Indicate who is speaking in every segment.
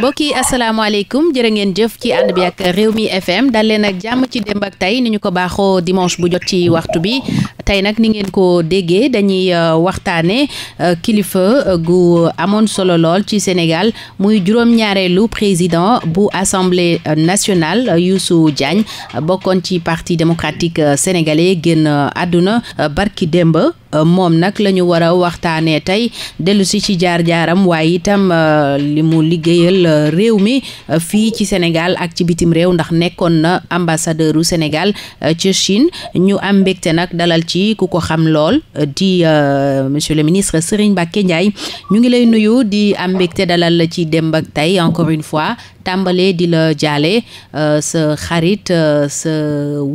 Speaker 1: mbokk yi asalaamaaleykum jërë ngeen jëf ci ànd bi ak réew mi FM dal leen ak jàmm ci démb ak tey ni ñu ko baaxoo dimanche bu jot ci waxtu bi tey nag ni ngeen ko déggee dañuy euh, waxtaane euh, kilifa euh, gu amoon solo lool ci Sénégal muy juróom-ñaareelu président bu national yu Youssou Diagne bokkoon ci parti démocratique sénégalais génn àdduna barki démb moom nag la ñu war a waxtaanee tey dellusi ci jaar-jaaram waaye itam li mu liggéeyal réew mi fii ci Sénégal ak ci bitim réew ndax nekkoon na ambassadeuru Sénégal ci Chine ñu am mbégte nag dalal ci ci ku ko xam lool euh, di euh, monsieur le ministre Serigne Mbacké Ndiaye ñu ngi lay nuyu di am te dalal la ci Demb ak Tay encore une fois tàmbalee di la jaale euh, sa xarit sa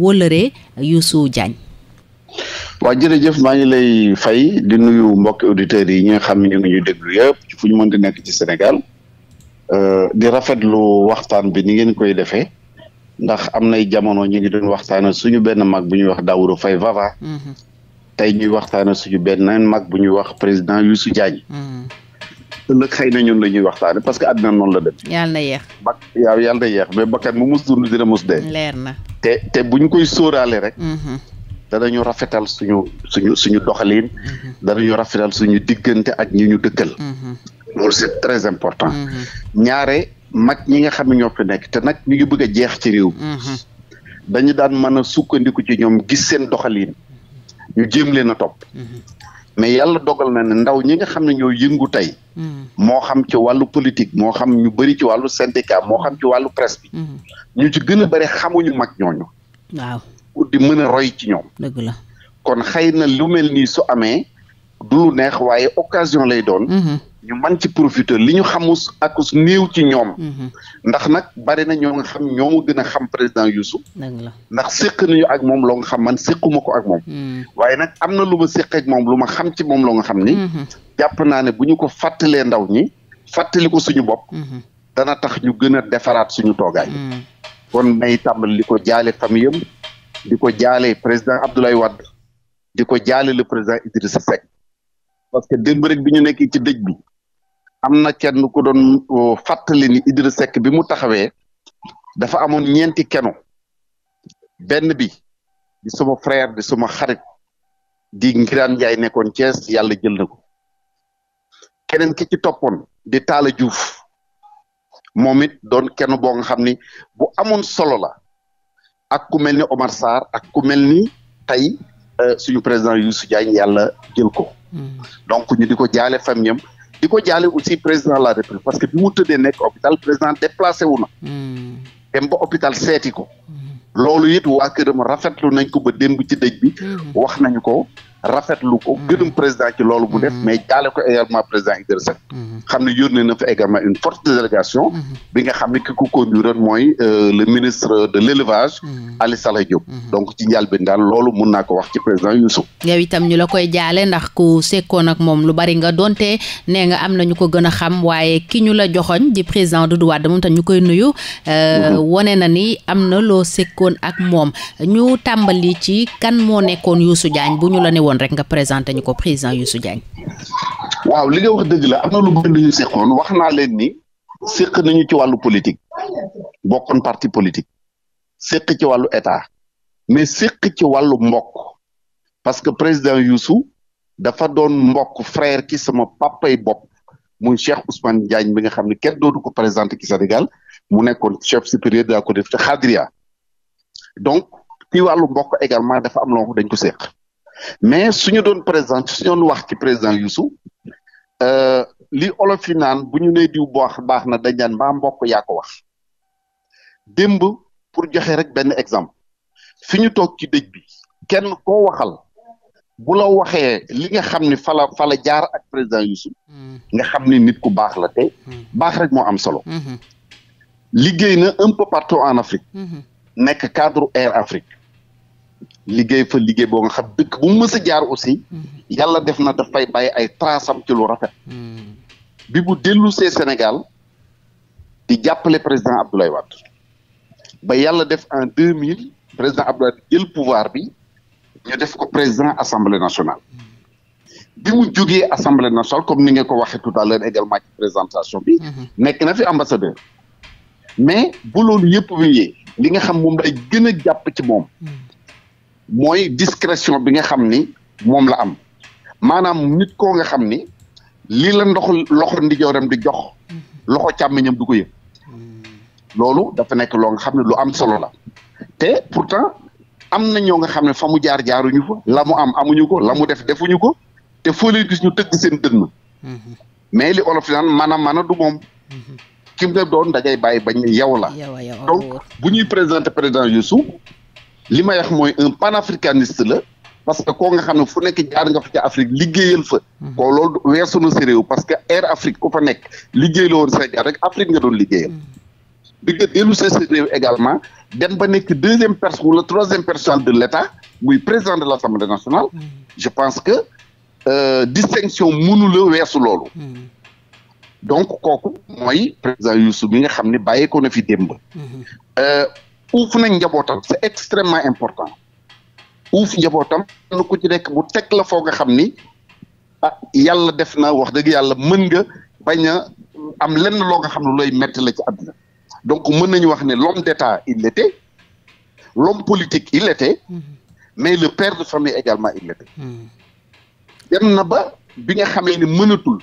Speaker 1: wóllëre Youssou Diagne
Speaker 2: waaw jërëjëf maa ngi lay fay di nuyu mbokki auditeurs yi ñi xam ne ñu ngi ñuy déglu yëpp fu ñu mën di nekk ci Sénégal di rafetlu waxtaan bi ni ngeen koy defee ndax am na nay jamono ñu ngi doon waxtaana suñu benn mag bu ñuy wax Daouda fay Vava mhm. tey ñuy waxtaana suñu benn mag bu ñuy wax président yu Youssou Diagne mhm. ëllëg xëy na ñun la ñuy waxtaane parce que àddina noonu la dem yàlla na yeex bak yaaw yàlla na yeex mais bakkan mu mus dund dina mus dee na te te ñu koy sóoraale rek dana mhm. danañu rafetal suñu suñu suñu doxalin danañu rafetal suñu diggante ak ñi ñu dëkkal loolu c'est très important ñaare mag ñi nga xam ne ñoo fi nekk te nag ñu ngi bëgg a jeex ci réew mi mhm. dañu daan mën a sukkandiku ci ñoom gis seen doxaliin ñu jéem leen a topp mhm. mais yàlla dogal na ne ndaw ñi nga xam ne ñoo yëngu tey mhm. moo xam ci wàllu politique moo xam ñu bëri ci wàllu syndicat moo xam ci wàllu presse bi ñu ci gën a bëri xamuñu mag ñooñu waaw pour di mën a roy ci ñoom dëgg kon xëy na lu mel nii su amee du lu neex waaye occasion lay doon ñu man ci profiter li ñu xamus akus néew ci ñoom mhm. ndax nag bari na ñoo xam ñoomu gën xam président Youssou ndax séq nañu ak moom loo xam man séquma ko ak moom mhm. waaye nag am na lu ma moom lu ma xam ci moom loo nga xam ni mhm. jàpp naa ne bu ñu ko fàttalee ndaw ñi fàttali ko suñu bopp dana tax ñu gën a defaraat suñu toogaay kon may tàmbali di ko jaale famille am di ko jaale président Abdoulaye Wade di ko jaale le président Idrissa Seck parce que démb rek bi ñu nekk ci dëj bi am na kenn ku doon fàttali ni Idrissa Seck bi mu taxawee dafa amoon ñeenti keno benn bi di suma frère di suma xarit di Ngiraan Njaay nekkoon Thiès yàlla jël na ko keneen ki ci toppoon di Talla juuf moom it doon kenn boo xam ni bu amoon solo la ak ku mel ni Omar Sarr ak ku mel ni tey euh, suñu président Youssou Diagne yàlla jël ko hmm. donc ñu di jaale famiyam di ko jaale aussi président de la république parce que bi mu tëddee nekk hôpital président déplacé wu na. Hmm. dem ba hôpital seeti ko. loolu it waa këram rafetlu nañ ko ba démb ci dëj bi. Hmm. wax nañu ko rafetlu ko mm-hmm. gërëm président ci loolu bu def mm-hmm. mais jaale ko également président Idrissa Seck mm-hmm. xam ne yónnee na fa également une forte délégation bi nga xam ne ki ko conduire mooy euh, le ministre de l'élevage Ali Saleh Diop donc ci njëlbéen daal loolu mun naa ko wax ci président Youssouf
Speaker 1: yow itam ñu la koy jaale ndax ku sekkoon ak moom lu bari nga doonte nee nga am na ñu ko gën a xam waaye ki ñu la joxoñ di président Doudou Wade moom tam ñu koy nuyu euh, wone na ni am na loo sekkoon ak moom ñu tàmbali ci kan moo nekkoon Youssou Diagne bu ñu la ne woon rek nga présenté ñu ko président Youssou Diagne.
Speaker 2: waaw li nga wax dëgg la am na lu bëri lu ñu seqoon wax naa leen ni seq nañu ci wàllu politique bokkoon parti politique seq ci wàllu état mais seq ci wàllu mbokk parce que président Youssou dafa doon mbokk frère ki sama papay bopp muy Cheikh Ousmane Diagne bi nga xam ne kenn dootu ko présenté ci Sénégal mu nekkoon chef supérieur de la CODEF ca Khadria donc ci wàllu mbokk également dafa am loo dañ ko seq. mais suñu doon président suñu doon wax ci président Youssou euh, li olof yi naan bu ñu nee diw baax baax na dañ naan bokk mbokk yaa ko wax démb pour joxe rek benn exemple fi ñu toog ci dëj bi kenn koo waxal bula la waxee li nga xam ni fala fala jaar ak président Youssou mm-hmm. nga xam ni nit ku baax la te mm-hmm. baax rek moo am solo mm-hmm. liggéey na un peu partout en Afrique nekk cadre Air Afrique liggéey fa liggéey boo nga xam dëkk bu mu mës jaar aussi mm-hmm. yàlla def na daf fay bàyyi ay trace am ci rafet mm-hmm. bi bu dellu see Sénégal di jàppale président Abdoulaye Wade ba yàlla def en deux mille président Abdoulaye jël pouvoir bi ñu def ko président assemblée nationale mm-hmm. bi mu jógee assemblée nationale comme ni nga ko waxee tout à l'heure également présentation bi nekk na fi ambassadeur mais bu loolu yëpp wéyee li nga xam moom day gën a jàpp ci moom mooy discrétion bi nga xam ni moom la am maanaam nit koo nga xam ni lii la ndox loxo ndijooram di jox loxo càmmiñam du ko yëg loolu dafa nekk loo nga xam ne lu am solo la te pourtant am na ñoo nga xam ne fa mu jaar jaaruñu fa la mu am amuñu ko la mu def defuñu ko te foo leen gis ñu tëgg seen dënn mais li olof naan maanaam maanaam moom kim nga doon da ngay bàyyi bañ yow la donc bu ñuy présenté président Youssou li may mooy un panafricaniste la parce que ko nga xam ne fu nekk jaar nga fa ca Afrique liggéeyal fa. Hmm. ko loolu weesu na sa réew parce que Air Afrique ku fa nekk liggéey la woon sa jaar rek Afrique nga doon liggéeyal. bi hmm. nga dellu sa réew également dem ba nekk deuxième personne wala troisième personne de l' état muy président de l' assemblée nationale. Hmm. je pense que euh, distinction mënu la weesu loolu. donc kooku mooy président Youssou bi nga xam ne bàyyeekoo na fi démb. Euh, uuf nañ njabootam c' est extrêmement important uuf njabootam nu ku ci nekk bu teg la foo nga xam ni ah yàlla def na wax dëgg yàlla mën nga bañ a am lenn loo nga xam ne looy metti la ci àdduna donc mën nañu wax ne l'homme d'état il l'était l'homme politique il mm-hmm. mais le père de famille également il l'était mm-hmm. dem na ba bi nga xamee ne mënatul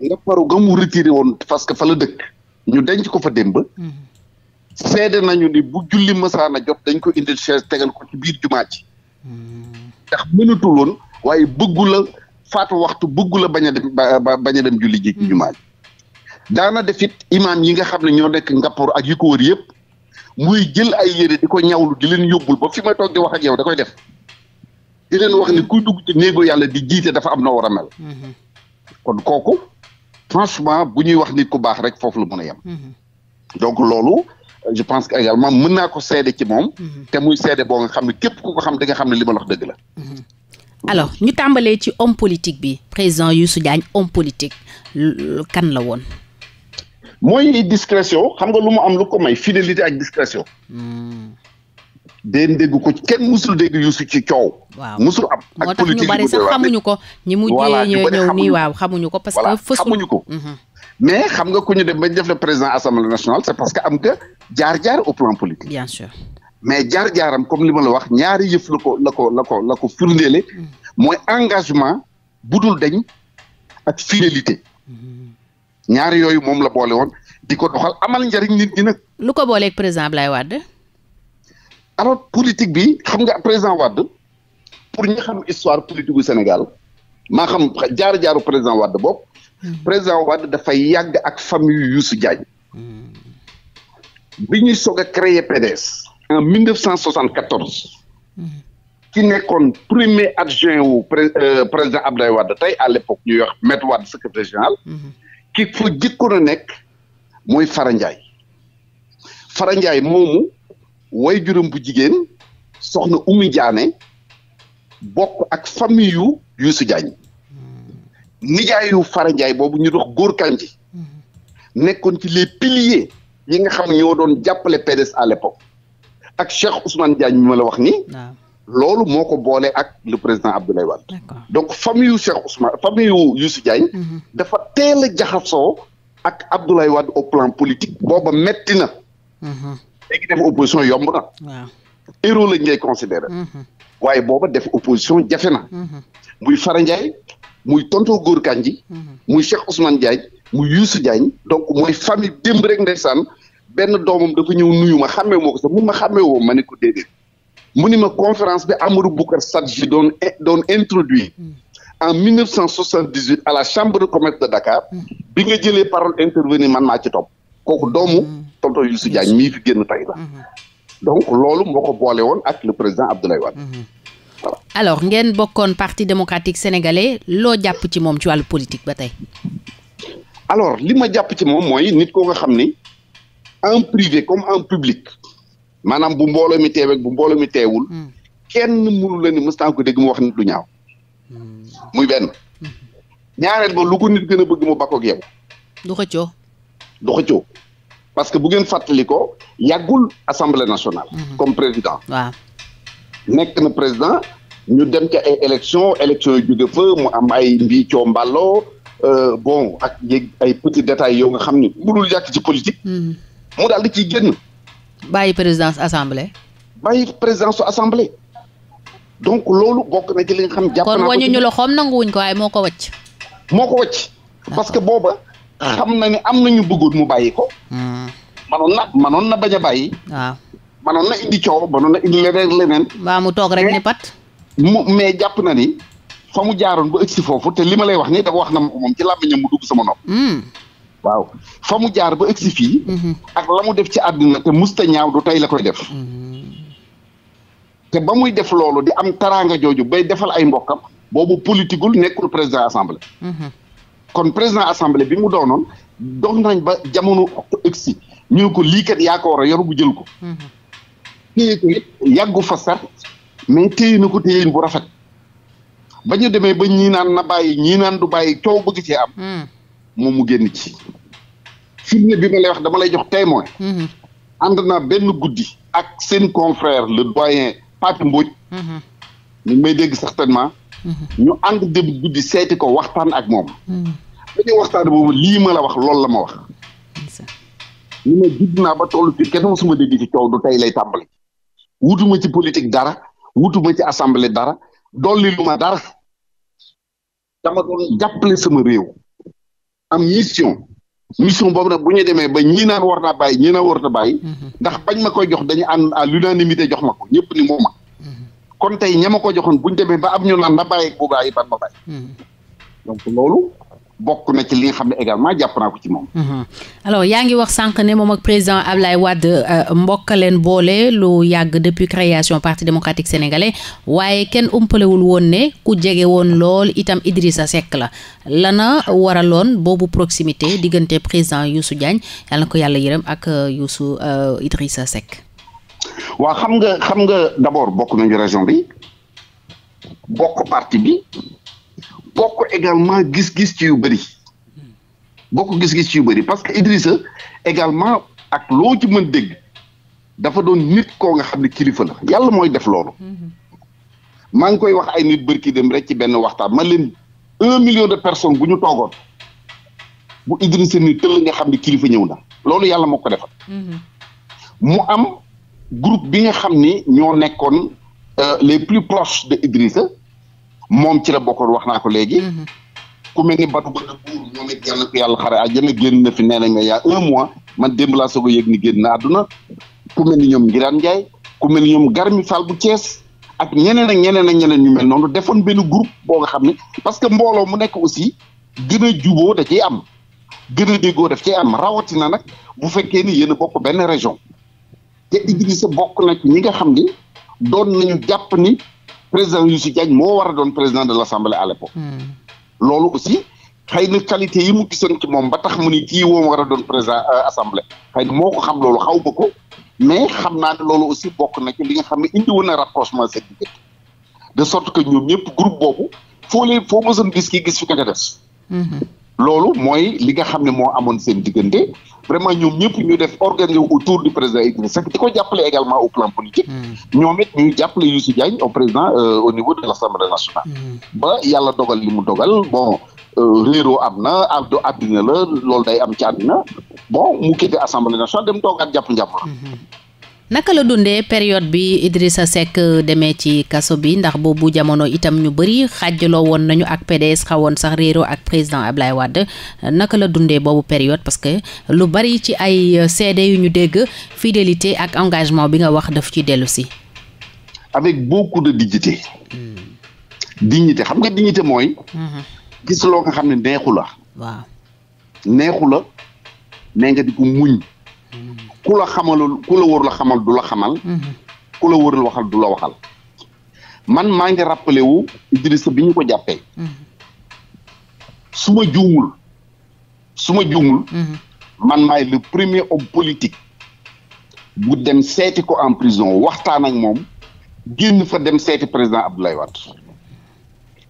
Speaker 2: nga ga mu retiré woon parce que fa dëkk ñu denc ko fa démb mm-hmm. seede nañu ni bu julli masaana jot dañ ko indil chaise tegal ko ci biir jumaa ji ndax woon waaye bëggu la faatu waxtu bëggu la bañ a dem bañ a dem ji ci hmm. jumaa daana def it imaam yi nga xam ne ñoo nekk Ngappoor ak yi ko wër yëpp muy jël ay yére di ko ñawlu di leen yóbbul ba fi may toog di wax ak yow da koy def di leen wax ni kuy dugg ci néegu yàlla di jiite dafa am na war a mel hmm. kon kooku franchement bu ñuy wax nit ku baax rek foofu la mën a yem hmm. donc loolu je pense que également mën naa ko seede ci moom. Mhm. te muy seede boo nga xam ne képp ku nga xam ne li ma wax dëgg la. Mhm.
Speaker 1: alors ñu tàmbalee ci homme politique bi président Youssou Diagne homme politique kan la woon.
Speaker 2: mooy discrétion xam nga lu mu am lu ko may fidélité ak discrétion. Hmm. déen dégg ko kenn musul dégg Youssou ci coow. waaw musul am ak politique moo tax ñu bari sax xamuñu ko.
Speaker 1: ñi mujjee ñëw nii waaw xamuñu ko parce que fësul xamuñu ko.
Speaker 2: Mhm. mais xam nga ko ñu dem bañ def le président assemblée nationale c'est parce que am nga jaar-jaar au plan politique. mais jaar-jaaram comme li ma la wax ñaari yëf la ko la ko la ko la ko firndeele. Mm. mooy engagement budul dañ ak fidélité. Mm-hmm. ñaari yooyu moom la boole woon di ko doxal amal njariñ nit ñi nag.
Speaker 1: lu ko booleeg président Ablaye Wade.
Speaker 2: alors politique bi xam nga président Wade pour ñu xam histoire politique bu Sénégal maa xam jaar-jaaru président Wade boobu. Mm-hmm. président Wade dafay yàgg ak famille Youssou Diagne mm-hmm. bi ñuy soog a créer PDS en 1974 mm-hmm. ki nekkoon premier adjoint wu euh, président Abdoulaye Wade tey à l'époque ñuy wax maître Wade secrétaire général ki fa jëkkoon nekk mooy Fara Ndiaye Fara Ndiaye moomu way juróom bu jigéen soxna Oumy Diané bokk ak famille yu Youssou Diagne nijaayu Fara Ndiaye boobu ñu dox góor kanji nekkoon ci les piliers ñi nga xam ñoo doon jàppale PDS à l'époque ak Cheikh Ousmane Diagne mi ma la wax nii. loolu moo ko boole ak le président Abdoulaye Wade. donc famille yu Cheikh Ousmane famille yu Youssou Diagne. Mhm. dafa teel a jaxasoo ak Abdoulaye Wade au plan politique. booba metti na. Mhm. def opposition yomb na. waaw héros lañ mhm. waaye booba def opposition jafe na. muy Fara muy tonton Góor Kandji mhm. muy Cheikh Ousmane Diagne muy Youssou Diagne donc mooy famille démb rek ndeysaan benn doomam dafa ñëw nuyu ma xàmmee moo ko sax mun ma xàmmee woo ma ne ko déedéet mu ni ma conférence bi Amadou Boucar Sadji doon doon introduit mhm. en 1978 à la chambre de commerce de Dakar mhm. bi nga jëlee parole intervenir man maa ci topp kooku doomu tonton Youssou Diagne mii fi génn tey la donc loolu moo ko boole woon ak le président Abdoulaye Wade
Speaker 1: alors ngeen bokkoon parti démocratique sénégalais loo jàpp ci moom ci wàllu politique ba tey.
Speaker 2: alors li ma jàpp ci moom mooy nit ko nga xam ni en privé comme en public maanaam bu mbooloo mi teeweeg bu mbooloo mi teewul. Hmm. kenn mënu la ni mëstaan ko dégg mu wax nit lu ñaaw. Hmm. muy benn. ñaareel ba lu ko nit gën a bëgg mu bakkoog yow. du xëccoo. du xëccoo parce que bu ngeen fàttali ko yàggul assemblée nationale. Hmm. comme président waaw. nekk na président ñu dem ci ay élection élection yu jóge mu am ay mbiicoo mbàlloo euh, bon ak yéeg ay petits détails yow nga xam ni budul yàq ci politique
Speaker 1: hmm. mu daal di ciy génn bàyyi présidence assemblée
Speaker 2: bàyyi présidence su assemblée donc loolu bokk na ci nga xam jàpp naa kon wañu ñu
Speaker 1: loxoom nanguwuñ ko waaye moo ko
Speaker 2: wacc moo ko wacc parce que booba xam na ni am na ñu bëggoon mu bàyyi ko hmm. manoon na manoon na bañ a bàyyi waaw manoon na indi coow manoon na indi leneen leneen. waaw mu toog rek ni pat. mu mais jàpp na ni fa mu jaaroon ba egsi foofu te li ma lay wax nii dafa wax na ma ko moom ci làmmiñam mu dugg sama nopp. Hmm. waaw fa mu jaar ba egsi fii. Hmm. ak la mu def ci àddina te musta ñaaw du tey la koy def. Hmm. te ba muy def loolu di am taraanga jooju bay defal ay mbokkam boobu politikul nekkul président assemblée. kon président assemblée bi mu doonoon dox nañ ba jamono egsi ñu ne ko lii yaa ko war a jël ko. téye ko it yàggu fa sax mais téye na ko téyin bu rafet ba ñu demee ba ñii naan na bàyyi ñii naan du bàyyi coow bëgg cee am. Hmm. moom mu génn ci. firnde bi ma lay wax dama lay jox témoin. Hmm. ànd naa benn guddi ak seen confrère le doyen Pape Mbodj. Hmm. ñu may dégg certainement. ñu ànd dem guddi seeti ko waxtaan ak moom. ba ñu waxtaan boobu lii ma la wax loolu la ma wax. ñu ne judd naa ba toll fii kenn mosuma dégg ci coow du tey lay tàmbali. wutuma ci politique dara wutuma ci assemblée dara dolli lu ma dara dama doon jàppale sama réew am mission mission boobu nag bu ñu demee ba ñii naan war naa bàyyi ñii naan war na bàyyi mhm. ndax bañ ma koy jox dañu ànd à l'unanimité jox ma ko ñëpp ni moo ma mhm. kon tey ña ma ko joxoon bu ñu ba am ñu naan na bàyyi bu bàyyi ban ma bàyyi mhm. donc bokk na ci li xam ne également jàpp naa ko ci moom.
Speaker 1: Mhm. alors yaa ngi wax sànq ne moom ak président Ablaye Wade euh, mbokkaleen boole lu yàgg depuis création parti démocratique sénégalais waaye kenn umpalewul woon ne ku jege woon lool itam Idrissa Seck la lana waraloon boobu proximité diggante président Youssou Diagne yàlla na ko yàlla yërëm ak euh, Youssou euh, Idrissa Seck.
Speaker 2: waaw xam nga xam nga d'abord bokk nañu région bi bokk parti bi. bokk également gis-gis ci yu bëri bokk gis-gis ci yu bëri parce que Idrissa également ak loo ci mën dégg dafa doon nit koo nga xam ne kilifa la yàlla mooy def loolu mhm. maa ngi koy wax ay nit bërki dem rek ci benn waxtaan man leen un million de personnes bu ñu toogoon bu Idrissa ni tëll nga xam ne kilifa ñëw na loolu yàlla moo ko defal mhm. mu am groupe bi nga xam ni ñoo nekkoon euh, les plus proches de Idrissa moom ci la bokkoon wax naa ko léegi. Mm-hmm. ku mel ni Badou Badou moom it yàlla ko yàlla xare àjjana génn na fi nee nañ mais y' un mois man démb laa soog a génn na àdduna ku mel ni ñoom Ngiraan Ndiaye ku mel ni ñoom Garmi Fall bu cees ak ñeneen ak ñeneen ak ñeneen ñu mel noonu defoon benn groupe boo nga xam ne parce que mbooloo mu nekk aussi gën a juboo da ci am gën a déggoo daf ciy am rawatina nag bu fekkee ni yéen a bokk benn région te Idrissa bokk na ci ñi nga xam ni doon nañu jàpp ni. président Youssou Diagne moo war a doon président de l' assemblée à l' hmm. loolu aussi xëy na qualité yi mu gisoon ci moom ba tax mu ni kii woo war a doon président euh, assemblée xëy na moo ko xam loolu xaw ma ko mais xam naa ne loolu aussi bokk na ci li nga xam ne indi woon na rapprochement seen diggante de sorte que ñoom ñëpp groupe boobu foo leen foo mësoon gis kii gis fi ka des. Hmm. loolu mooy li nga xam ne moo amoon seen diggante vraiment ñoom ñëpp ñu def organiser autour du président Idrissa Seck di ko jàppale également au plan politique. Hmm. ñoom ñu ñuy jàppale Youssou Diagne au président euh, au niveau de l' assemblée nationale. Hmm. ba yàlla dogal li mu dogal bon euh, réeroo am na àddu àddina la loolu day am ci àddina bon mu quitté assemblée nationale dem toogaat jàpp njàpp hmm.
Speaker 1: naka la dundee période bi Idrissa Seck demee ci kaso bi ndax boobu jamono itam ñu bëri xaajaloo woon nañu ak PDS xawoon sax réeroo ak président Ablaye Wade naka la dundee boobu période parce que lu bari ci ay seede euh, yu ñu dégg fidélité ak engagement bi nga wax daf ci dellu si.
Speaker 2: avec beaucoup de dignité. Hmm. dignité xam nga dignité mooy. Hmm. gis loo nga xam ne neexu
Speaker 1: la.
Speaker 2: neexu la nee nga di ko muñ. Hmm. ku la xamalul ku la warul a xamal du la xamal. Mm-hmm. ku la warul waxal du la waxal. man maa ngi rappelé wu Idrissa bi ñu ko jàppee. Mm-hmm. su ma juumul su ma juumul. Mm-hmm. man maay le premier homme politique. bu dem seeti ko en prison waxtaan ak moom génn fa dem seeti président Abdoulaye Wade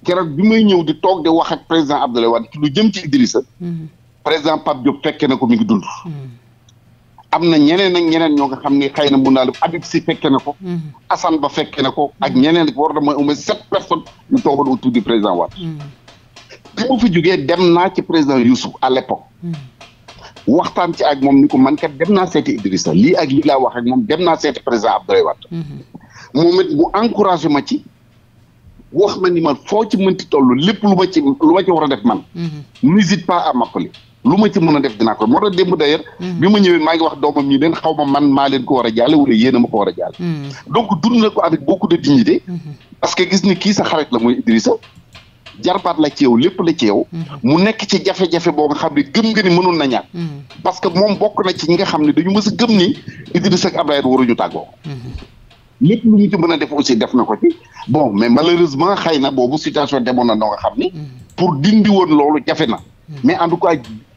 Speaker 2: keroog bi may ñëw di toog di wax ak président Abdoulaye Wade ci lu jëm ci Idrissa. président Pape Diop fekkee na ko mi ngi dund. am na ñeneen ak ñeneen ñoo nga xam ne xëy na mun naa Habib si fekke na ko. Mm-hmm. Assane Ba fekke na ko. Mm-hmm. ak ñeneen war na mooy au moins sept personnes ñu toogoon autour du président Wade. Mm-hmm. bi mu fi jógee dem naa ci président Youssouf à l'époque. waxtaan ci ak moom ni ko man kat dem naa seeti Idrissa li ak lii laa wax ak moom dem naa seeti président Abdoulaye Wade. moom it mu encouragé ma ci. wax ma ni man foo ci mënti toll lépp lu ma ci lu ma ci war a def man. n'hésite pas à m'appeler. lu ma ci mën a def dinaa ko moo tax démb d'ailleurs mm. bi ma ñëwee maa ma ko a jaale mm. mm-hmm. que gis ni kii sa xarit la mooy Idrissa jarbaat la ci yow lépp ci yow mm-hmm. mu nekk ci jafe-jafe boo nga xam ne gëm nga ni mënoon na ñàkk mm-hmm. parce que moom bokk na ci ñi nga xam ne dañu mës a gëm ni Idrissa ak Abdoulaye waruñu tàggoo a def aussi def na ko ci bon mais malheureusement xëy na boobu situation demoon na noo nga xam ni pour dindi woon loolu jafe na mais en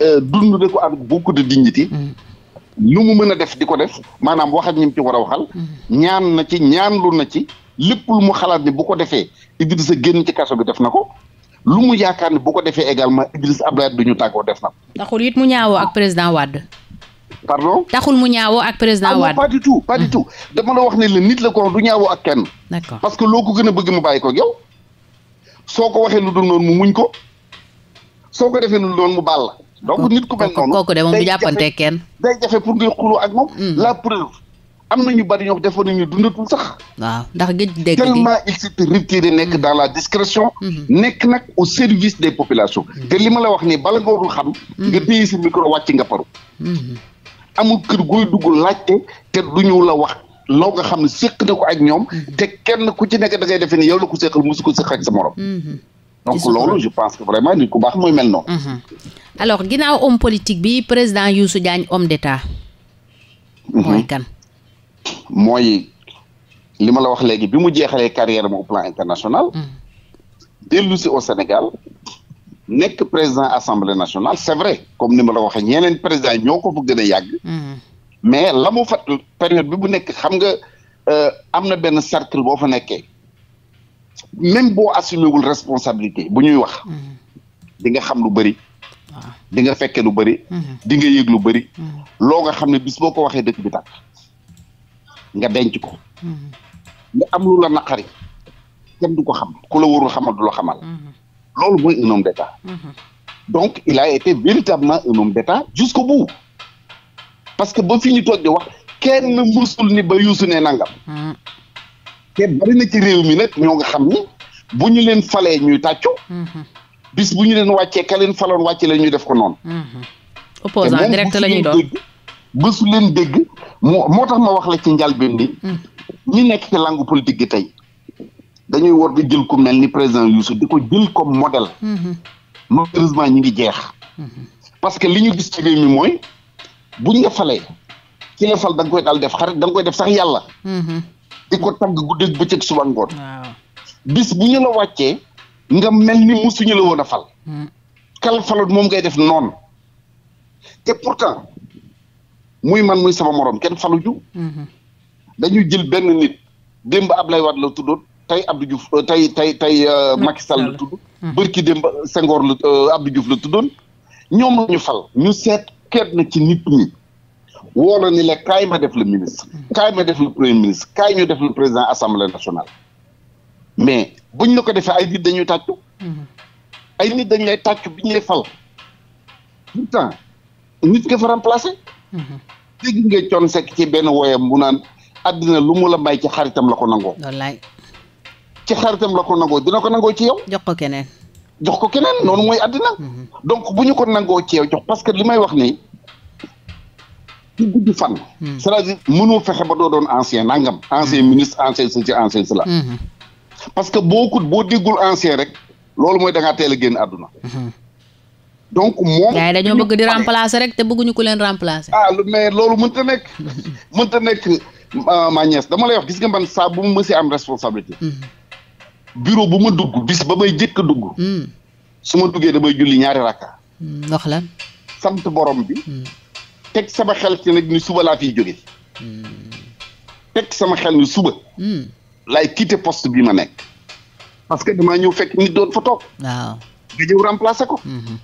Speaker 2: Euh, dund na ko am beaucoup di dignité lu mm. mu mën a def di ko def maanaam waxal ñi mu ci war a waxal mm. ñaan na ci ñaan ñaanlu na ci lépp lu mu xalaat ni bu ko defee Idrissa génn ci kaso bi def na ko lu mu yaakaar ni bu ko defee également Idriss Abdoulaye du ñu tàggoo def na
Speaker 1: it mu ñaawoo ak président Wade.
Speaker 2: pardon taxul mu ñaawoo ak président ah Wade. pas du tout par du mm. tout dama la wax ne leen nit la ko du ñaawoo ak kenn. d'accord parce que loo ko gën a bëgg mu bàyyi ko ak soo ko waxee lu dul noonu mu muñ ko soo ko defee lu dul noonu mu baal la donc nit ku mel noonu kooku de moom du jàppante kenn day jafe pour ngay xuloo ak moom mm. la preuve am na ñu bari ñoo defoon nañu dundatul sax. waaw ndax gëj dégg tellement il s'est retiré nekk mm. dans la discrétion. Mm-hmm. nekk nag au service des populations. Mm-hmm. te li ma la wax nii bala nga warul xam. Mm-hmm. nga téye si micro wàcc nga paru. amul kër gooy dugg laajte te du ñu la wax loo nga xam ne séq na ko ak ñoom. te kenn ku ci nekk da ngay defee ni yow la ko séqal mosu ko séq ak sa morom. donc loolu je pense que vraiment nit ku baax mooy mel noonu.
Speaker 1: alors ginnaaw homme politique bi président Youssou Diagne homme d'état mhm. mooy kan
Speaker 2: mooy li ma la wax léegi bi mu jeexalee carrière mu au plan international mhm. dellu si au Sénégal nekk président assemblée nationale c'est vrai comme ni ma la waxee ñeneen président yi ñoo ko fa gën a yàgg mhm. mais la mu fat période bi bu nekk xam nga euh, am na benn cercle boo fa nekkee même boo assumé wul responsabilité bu ñuy wax di nga xam lu bëri di nga fekke lu bëri. Mhm. di yëg lu bëri. Mhm. loo nga xam ne bis boo ko waxee dëkk bi tàkk nga denc ko. Mhm. nga am lu la naqari kenn du ko xam ku la warul xamal du la xamal. loolu mooy un homme d'État. donc il a été véritablement un homme d'État jusqu'au parce que ba fi ñu toog di wax kenn mësul ni ba yuusu ne nangam. te bari na ci réew mi nag ñoo nga xam ni bu ñu leen falee ñuy tàccu. bis bu ñu leen wàccee ka faloon wàcce leen ñu def ko noonu. Mhm. opposant direct la ñuy doon bésu leen moo moo tax ma wax la ci njëlbéen bi. Mhm. ñi nekk ci langue politique gi tey dañuy war di jël ni président Youssou di ko jël comme modèle. Mhm. malheureusement ñi ngi jeex. parce que li ñu gis ci réew mi mooy buñ nga falee ci da nga koy daal da nga koy def sax yàlla. di ko tàgg guddeeg bëccëg suba ngoon. bis bu ñu la wàccee nga mel ni mu musuñu la woon a fal. Hmm. kal falut moom ngay def noonu. te pourtant muy man muy sama moroom kenn ju hmm. dañu jël benn nit démb Ablaye Wade la tuddoon tey Abdou Diouf euh, tey tey tey euh, Macky Sall la tudd. Hmm. bërki démb euh, Senghor la Abdou Diouf la ñoom la ñu fal ñu seet keet na ci nit ñi. woo la ni la kaay ma def le ministre. kaay ma def le premier ministre kaay ñu def le président assemblée nationale. mais buñ la ko defee ay nit dañuy tàccu. Mhm. ay nit dañ lay tàccu biñ lay fal. pourtant nit ka fa remplacé. Mhm. dégg nga coon ci benn woyam bu naan àddina lu mu la may ci xaritam la ko nangoo. wallaay. ci xaritam la ko nangoo dina ko nangoo ci yow. jox ko keneen. jox ko keneen noonu mooy àddina. Mhm. donc bu ñu ko nangoo ci yow jox parce que li may wax ni ci guddi fan. c'est-à-dire mënoo fexe ba doo doon ancien nangam. ancien ministre ancien ceci ancien cela. parce que boo ko boo déggul ancien rek loolu mooy da ngaa a génn àdduna.
Speaker 3: Mhm.
Speaker 1: donc moom. gars yi dañoo bëgg di remplacer rek te bëgguñu ku leen remplacer.
Speaker 2: ah mais loolu mënta nekk mënta nekk euh, ma nièce dama lay wax gis nga man saa bu ma mësee am responsabilité. Mhm. bureau bu ma dugg bis ba may jëkk dugg. Mhm. su ma duggee damay julli ñaari rakka. wax la. sant borom bi. teg sama xel ci nag ni suba laa fiy jóge teg sama xel ni suba. laay quitter poste bi ma nekk parce que damaa ñëw fekk nit doon fa toog. waaw ñëw remplacer ko. Mhm.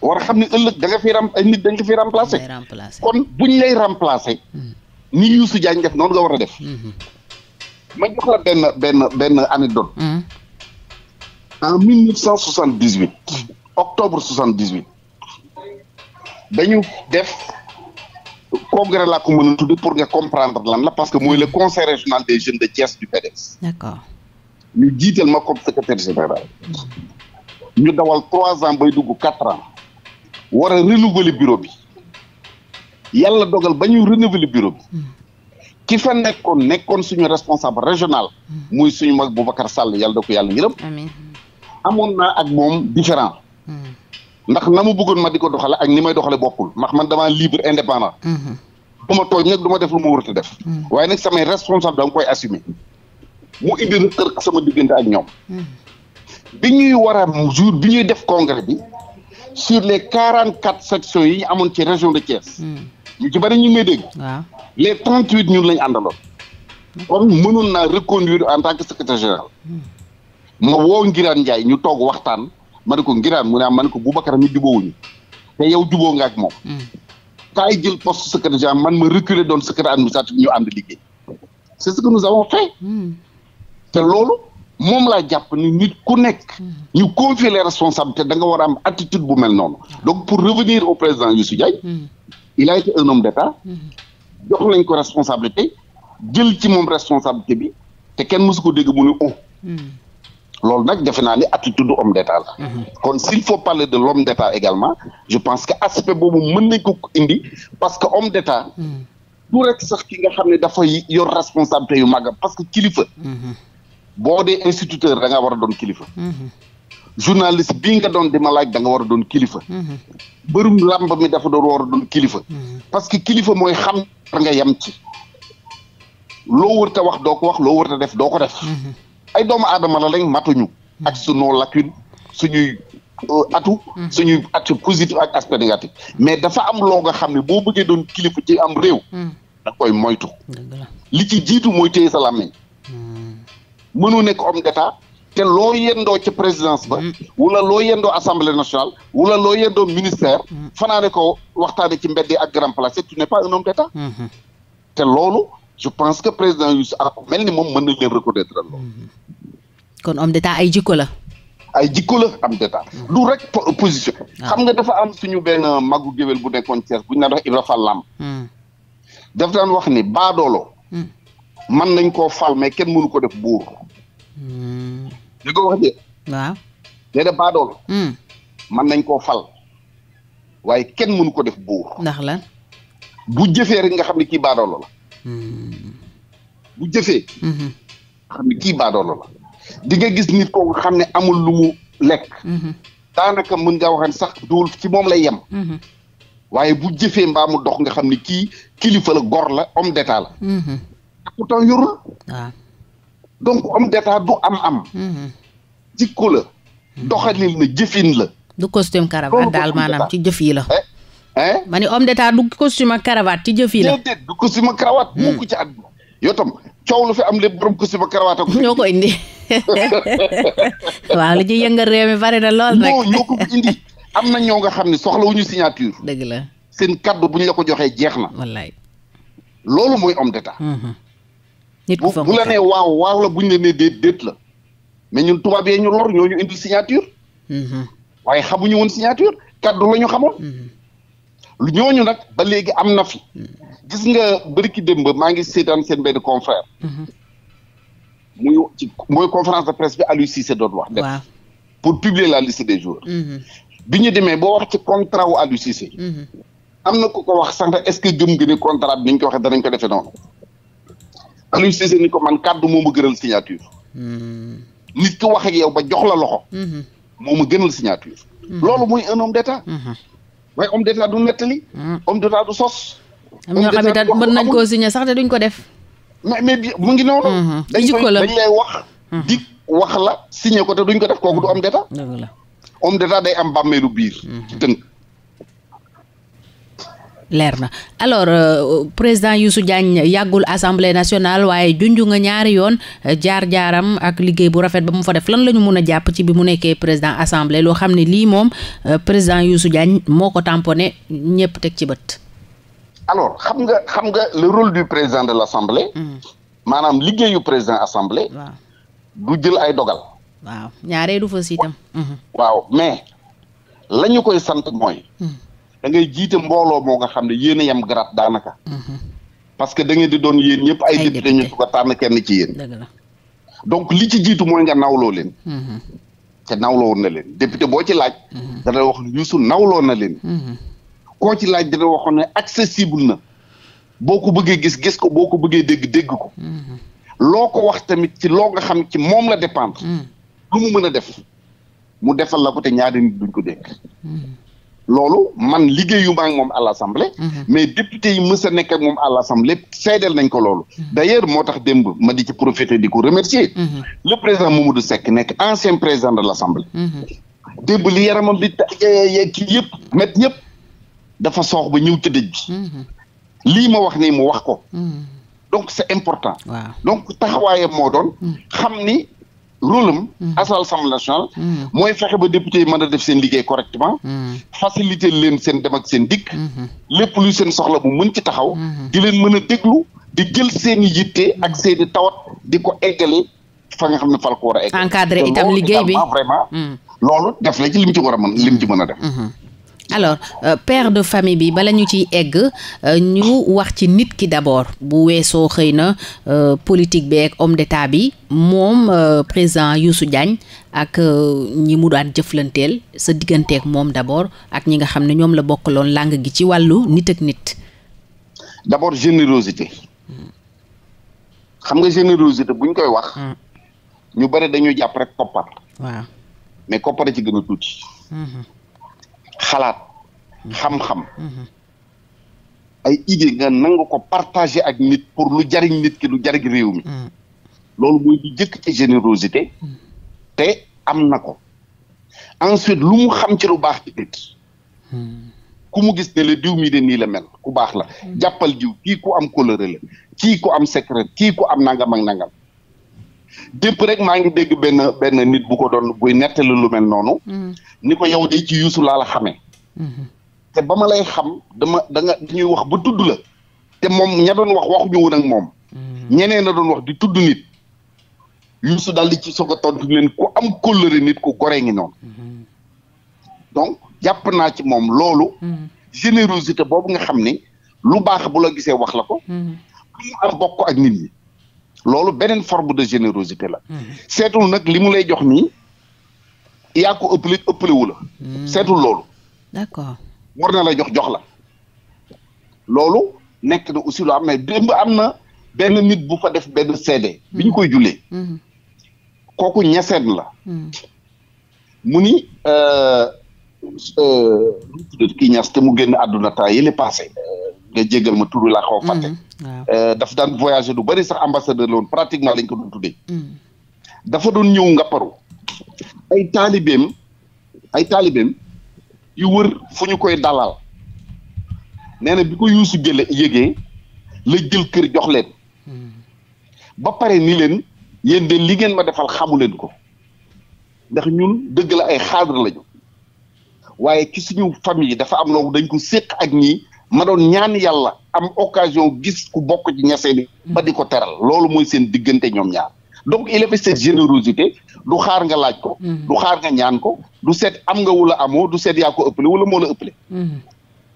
Speaker 2: war xam ne ëllëg da nga fi ram ay nit da nga fi remplacer. kon bu ñu lay remplacer. Mhm. ni Youssou Diagne def noonu la war a def. Mhm. ma jox la benn benn benn anecdote. en mille neuf cent soixante dix huit. octobre soixante dix huit dañu def. congrès laa ko mën pour nga comprendre lan la parce que mooy le hmm. conseil régional des jeunes de Thiès du PDS. ñu jiital ma comme secrétaire général. Hmm. ñu dawal trois ans bay dugg quatre ans. war a bureau bi. yàlla dogal ba ñu renouveler bureau bi. Hmm. ki fa nekkoon nekkoon suñu responsable régional. muy suñu mag Boubacar Sall yàlla da ko yàlla yërëm. amiin amoon naa ak moom différent ndax na mu buggoon ma di ko doxale ak ni may doxale bokkul ndax man damaa libre indépendant. du ma tooñ nag du ma def lu ma warut a def. Hmm. waaye nag samay responsable dama koy assumer. mu indi rëkk sama diggante ak ñoom. Hmm. bi ñuy war a jour bi ñuy def congrès bi sur les quarante quatre sections yi ñu amoon ci région de Thiès. Hmm. ñu ci bari ñu ngi may dégg. les trente huit ñun lañu àndaloon. kon mënoon naa reconduire en tant que secrétaire général. ma woo Ngiraan Ndiaye ñu toog waxtaan ma ne ko Ngiraan mu ne am ma ne ko Boubacar mi jubóowuñu te yow jubóo nga ak moom. kaay jël poste secrétaire général man ma reculer doon secrétaire administratif ñu ànd liggéey c'est ce que nous avons fait hmm. te loolu moom la jàpp ni nit ku nekk hmm. ñu confier les responsabilités da nga war a am attitude bu mel noonu ah. donc pour revenir au président Youssou Diagne hmm. il a été un homme d'État jox nañ ko responsabilité jël ci moom responsabilité bi te kenn mësu ko dégg mu oh. loolu nag defe naa ni attitude homme d'État la mhm. kon s'il faut parler de l'homme d'État également je pense que aspect boobu mën nañ ko indi parce que homme d'État mhm. du rek sax ki nga xam ne dafay yor responsabilité yu màgg parce que kilifa mhm. boo dee instituteur da nga war a doon kilifa journaliste bii nga doon di ma laaj da nga war a doon kilifa bërum làmb mi dafa doon war a doon kilifa parce que kilifa mooy xam nga yem ci loo wërta wax doo ko wax loo wërta def doo ko def ay doomu aadama la lañ matuñu. ak mm-hmm. sunu lacune suñuy euh, atu. Mm-hmm. suñuy atu positif ak aspect négatif. mais dafa am loo xam ne boo bëggee doon kilifa ci am réew. Mm-hmm. da koy moytu. li ci jiitu mooy téye sa làmmiñ. mënu nekk homme d'état te loo yendoo ci présidence ba. wala loo yendoo assemblée nationale. wala loo yendoo ministère. fanaane ko waxtaane ci mbedd ak grand place tu n'es pas un homme d'état. te loolu je pense que président Youssou ah mel ni moom mën nañ leen reconnaître loolu.
Speaker 1: kon homme d'état ay jikko la.
Speaker 2: ay jikko la am d'état hmm. lu rek position ah. xam nga dafa am suñu benn magu géwél bu nekkoon Thiès bu ñu naan wax Ibra Fall Lam hmm. daf daan ni baadoolo man hmm. nañ koo fal mais kenn mënu ko def buur li nañ koo fal waaye kenn mënu ko def buur ndax lan bu jëfee rek nga xam ne kii baadoolo la bu jëfee. Mm-hmm. xam ne kii baadoolo la di nga gis nit koo xam ne amul lu lekk. Mm-hmm. daanaka mën ngaa waxan sax duwul ci moom la yem. Mm-hmm. waaye bu jëfee mbaa dox nga xam ne kii kilifa la gor la homme d'état la. pourtant yorul. waaw ah. donc homme d'état du am-am. jikko la. doxalin la jëfin la. du
Speaker 1: costume cravate daal maanaam ci jëf la. Eh, hein eh? ma ne homme d'état du costume ak ci jëf yi
Speaker 2: la déedéet du costume ak cravate mu ko hmm. ci àdduna yow tam coow lu fi am lépp borom costume ak cravate ak ñoo ko indi waaw li ñuy yëngal réew mi bari na lool rek ñoo ko indi am na ñoo nga xam ne soxla wu ñu la seen kaddu bu ñu la ko joxee jeex na wallaay loolu mooy homme d'état hmm. nit waaw waaw la bu ñu la nee déet déet la mais ñun tubaab yee ñu lor ñoo ñu indi signature hmm. waaye xamuñu woon signature kaddu la ñu xamoon ñooñu nag ba léegi am na fi gis nga bëriki démb maa ngi seetaan seen benn confrère mm-hmm. muy ci mooy conférence de presse bi Aliou Cissé doon wax def pour publier la liste des joueurs mm-hmm. bi ñu demee boo wax ci contrat wu Aliou Cissé mm-hmm. am na ku ko wax sànq est-ce que gëm nga ni contrat bi ni ko waxee danañ ko defee noonu Aliou Cissé ni ko man kàddu moom ma gënal signature nit ki wax ak yow ba jox la loxo moo ma gënal signature loolu mooy un homme d'état waaye om d'état du nettali. Hmm. homme d'état du sos. am ñoo xam ne daal mën nañ koo signé
Speaker 1: sax te duñ ko def.
Speaker 2: mais mais bi mu ngi noonu. Hmm, hmm. dañ koy dañ lay wax. dikk wax la signé ko te duñ ko def kooku du homme d'état. dëgg la homme d'état day am bàmmeelu biir. ci
Speaker 1: leer na alors euh, président Youssou Diagne yàggul assemblée national waaye junj nga ñaari yoon euh, jaar-jaaram ak liggéey bu rafet ba mu fa def lan la ñu mun a jàpp ci bi mu nekkee président assemblée loo xam ne lii moom euh, président Youssou Diagne moo ko tamponné ñëpp teg ci bët.
Speaker 2: alors xam nga xam nga le rôle du président de l' assemblée. Mm. maanaam liggéeyu président assemblée. waaw du jël ay dogal. waaw
Speaker 1: ñaaree du fa si itam.
Speaker 2: waaw mais la koy sant mooy. Mm. da ngay jiite mbooloo moo nga xam ne yéen a yem garaat daanaka. Mhm. parce que da ngeen di doon yéen ñëpp ay député ñu ko tànn kenn ci yéen. donc li ci jiitu mooy nga nawloo leen. Mhm. te nawloo na leen député boo ci laaj. Mhm. dana wax Youssou nawloo na leen. koo ci laaj dana waxoon ne accessible na boo ko bëggee gis gis ko boo ko bëggee dégg dégg ko. loo ko wax tamit ci loo nga xam ci moom la dépendre. lu mu mën a def mu defal la ko te ñaari nit duñ ko dégg. loolu man liggéeyu ma ak moom à l'assemblée mhm. mais député yi mës a nekk ak moom à l'assemblée seedeel nañ ko loolu mhm. d'ailleurs moo tax démb ma di ci profiter di ko remercier mhm. le président Mamadou Seck nekk ancien président de l'assemblée démb li yaramam di ki yëpp met ñëpp dafa soox ba ñëw tëddëj bi lii ma wax nii mu wax ko donc c'est important donc taxawaayam moo doon xam ni rôle am asal hmm. assemblée nationale hmm. mooy fexe ba député yi mën a def seen liggéey correctement hmm. faciliter leen seen dem ak seen dikk lépp luy seen soxla bu mën ci taxaw di leen mën a déglu di jël seen i yitte ak seen i tawat di ko eggale fa nga xam ne fal ko war a eggale encadré itam liggéey bi vraiment loolu daf la ci lim ci war a mën lim ci mën a def
Speaker 1: alors euh, per de famille bi bala ñu ciy egg euh, ñu wax ci nit ki d'abord bu weesoo xëy na euh, politique bi ak homme d'état bi moom président Youssou Diagne ak ñi mu daan jëflanteel sa digganteek moom d'abord ak ñi nga xam ne ñoom la bokkaloon làng gi ci wàllu nit ak nit.
Speaker 2: d'abord générosité xam nga générosité buñ koy wax. Hmm. ñu bari dañuy jàpp rek koppar. waaw mais koppar ci gën tuuti. Hmm. xalaat mhm. xam-xam mhm. ay idée nga nangu ko partager ak nit pour lu jariñ nit ki lu jariñ réew mi mhm. loolu mooy di jëkk ci générosité te am na ko ensuite lu xam ci lu baax ci ku mu gis ne la diw mii de nii la mel ku baax la jàppal diw kii ku am coloré la kii ku am secret kii ku am nangam ak nangam dépp rek maa ngi dégg benn benn nit bu ko doon buy nettali lu mel noonu. Mm. ni ko yow de ci Youssou laa la xamee. Mm-hmm. te ba ma lay xam dama da nga dañuy wax ba tudd la. te moom ña doon wax waxuñu woon ak moom. Mm-hmm. ñeneen na doon wax di tudd nit. Youssou dal di ci soog a tontu leen ku am kóllëre nit ku goree ngi noonu. Mm-hmm. donc jàpp naa ci moom loolu. générosité boobu nga xam ni lu baax bu la gisee wax la ko. am bokk ak nit ñi. loolu beneen forme de générosité la. Hmm. seetul nag li mu lay jox nii yaa ko ëppale hmm. seetul loolu. d'accord war na la jox jox la. loolu nekk na aussi loo am mais démb am na benn nit bu fa def benn CD. bi ñu hmm. koy jullee. kooku ñeseen la. mu ni euh, euh, kii ñas te mu génn àdduna temps yële passé euh, nga jégal ma turu laa xaw fàtte. Euh, daf daan voyager lu bari sax ambassadeur la woon pratiquement lañ ko doon tuddee. Mm. dafa doon ñëw ngapparu ay taalibeem ay taalibeem yu wër fu ñu koy dalal nee na bi ko yuusu gële yëgee la jël kër jox leen. Mm. ba pare ni leen yéen de li ngeen ma defal xamu leen ko ndax ñun dëgg la ay xaadir lañu waaye ci suñu famille dafa am loo dañ ko séq ak ñii ma doon ñaan yàlla am occasion gis ku bokk ci ñaseen mm. ba di ko teral loolu mooy seen diggante ñoom ñaar donc il avait cette générosité du xaar nga laaj ko mm. du xaar nga ñaan ko du seet am nga wala amoo du seet yaa ko ëppale wala moo la mm.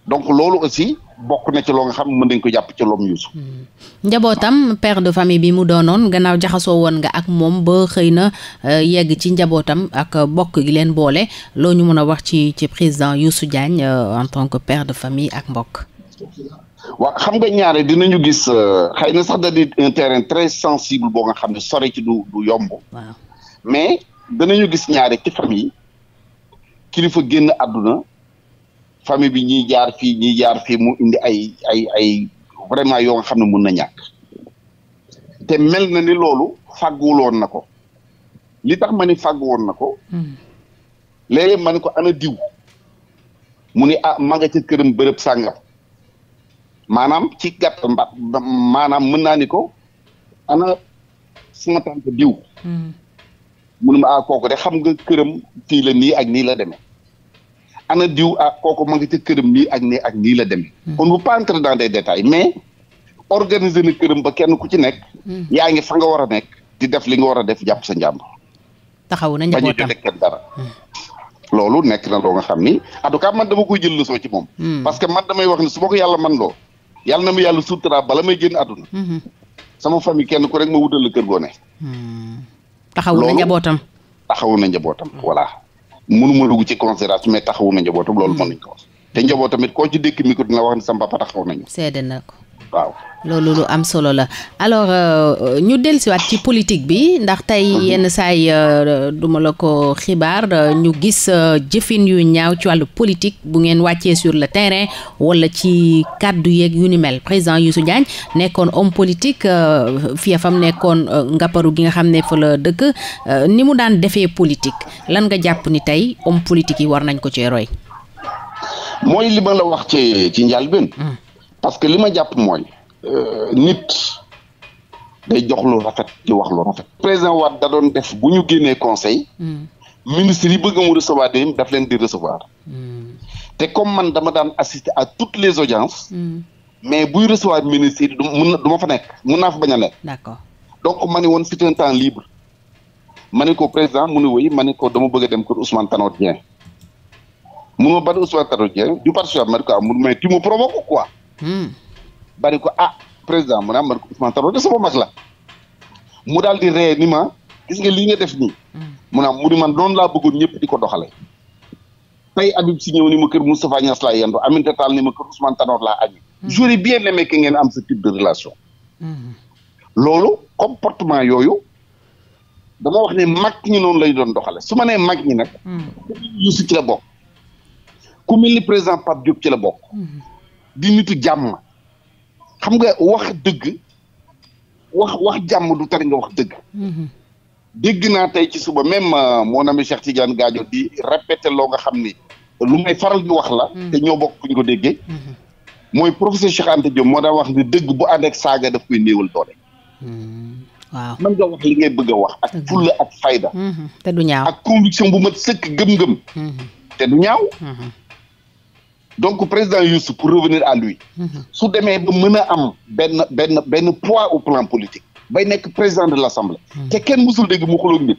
Speaker 2: donc loolu aussi bokk na ci loo nga xam mën nañ ko jàpp ci loom yuusu hmm.
Speaker 1: njabootam père de famille bi mu doonoon gannaaw jaxasoo woon nga ak moom ba xëy na euh, yegg ci njabootam ak bokk gi leen boole loo ñu mën a wax ci ci président Youssou Diagne euh, en tant que père de famille ak mbokk
Speaker 2: waaw xam nga ñaare dinañu gis euh, xëy na sax da di un sensible boo nga xam ne sore ci du du yomb mais danañu gis ñaare ci famille kilifa génn àdduna famille bi ñuy jaar fii ñuy jaar fii mu indi ay ay ay vraiment yoo xam ne mun na ñàkk te mel na ni loolu fàgguloon na ko li tax ma ni fàggu na ko léeg-léeg ko ana diw mu ni ah ma nga ca këram bërëb sàngam ci gàtt mbat maanaam mën naa ni ko ana sama hmm. ah, kooku de xam nga këram fii la nii ak nii la demee ana diw ak kooku ma a ci këram nii ak nii ak nii la demee. Hmm. on ne peut pas entrer dans des détails mais organiser na këram ba kenn ci nekk. Hmm. yaa ngi fa nga war a nekk. di def li nga war a def jàpp sa njàmbur.
Speaker 1: taxaw nañu boo
Speaker 2: tax kenn dara. Hmm. loolu nekk na loo nga xam ni en tout cas man dama koy jël leçon ci moom. parce que man damay wax ni su ma ko yàlla man loo. yàlla na mu yàlla sutura bala may génn àdduna. sama famille kenn taxawu na njabootam. taxawu na njabootam voilà. mënuma dugg ci considération mais taxawuma njabootam loolu mën nañ ko wax hmm. te njaboot tamit koo ci dëkk micro dina wax ne sa papa taxaw nañu
Speaker 1: seede na ko waaw. loolu lu am solo la alors euh, euh, ñu dellusiwaat ci politique bi ndax tey mhm. yenn saay euh, duma la ko xibaar ñu gis jëfin yu ñaaw ci wàllu politique bu ngeen wàccee sur le terrain wala ci kàddu yeeg yu ni mel président su Diagne nekkoon homme politique fa mu nekkoon ngapparu gi nga xam ne fa la dëkk ni mu daan defee politique lan nga jàpp ni tey homme politique yi war nañ ko cee roy.
Speaker 2: mooy li la wax ci ci njëlbéen hmm. parce que li ma jàpp mooy euh, nit day jox lu rafet di wax lu rafet. président Wade da doon def bu ñu génnee conseil. Hmm. ministre yi bëgg mu recevoir dem daf leen di recevoir. Hmm. te comme man dama daan assister à toutes les audiences. Hmm. mais buy recevoir ministre yi du ma fa nekk mun naa fa bañ a nekk. donc ma woon c'est un temps libre. ma ne ko président mu ne woy ma ne ko dama bëgg a dem kër Ousmane Tanor Dieng. mun ma ban Ousmane Tanor Dieng du parti ma ko ah mun mais Hmm. bari ko ah président mu ne ah man ko Ousmane Tanor de mag la mu daal di ree ni ma gis nga lii nga def nii. Hmm. mu naam man noonu laa bëggoon ñëpp di ko doxale tey Habib Sy ñëw ni ma kër Moustapha Niass laa yendu Aminata Tall ni ma kër Ousmane Tanor laa añi hmm. j'aurais bien aimé am ce type de relation. loolu comportement yooyu dama wax ne mag ñi noonu lay doon doxale su ma nee mag ñi nag.
Speaker 3: ku mel
Speaker 2: ni Youssou ci la bokk. ku mel ni président Pape Diop ci la bokk. di nitu jàmm xam nga wax dëgg wax wax jàmm du tar nga wax dëgg. Mm-hmm. dégg naa tey ci suba même euh, mon ami Cheikh Tidiane Gadio di répété loo nga xam ni lu may faral di wax la. Mm-hmm. te ñoo bokk fu ko déggee. Mm-hmm. mooy professeur Cheikh Anta moo daa wax ni dëgg bu ànd ak saaga daf koy néewal doole. waaw mën nga wax li ngay bëgg a wax ak fulla ak fayda. te du bu mat sëkk gëm-gëm. te du ñaaw. donc président Youssou pour revenir à lui mhm. su demee ba mën a am benn benn benn poids au plan politique bay nekk président de l'Assemblée mhm. te kenn musul dégg mu xuloog nit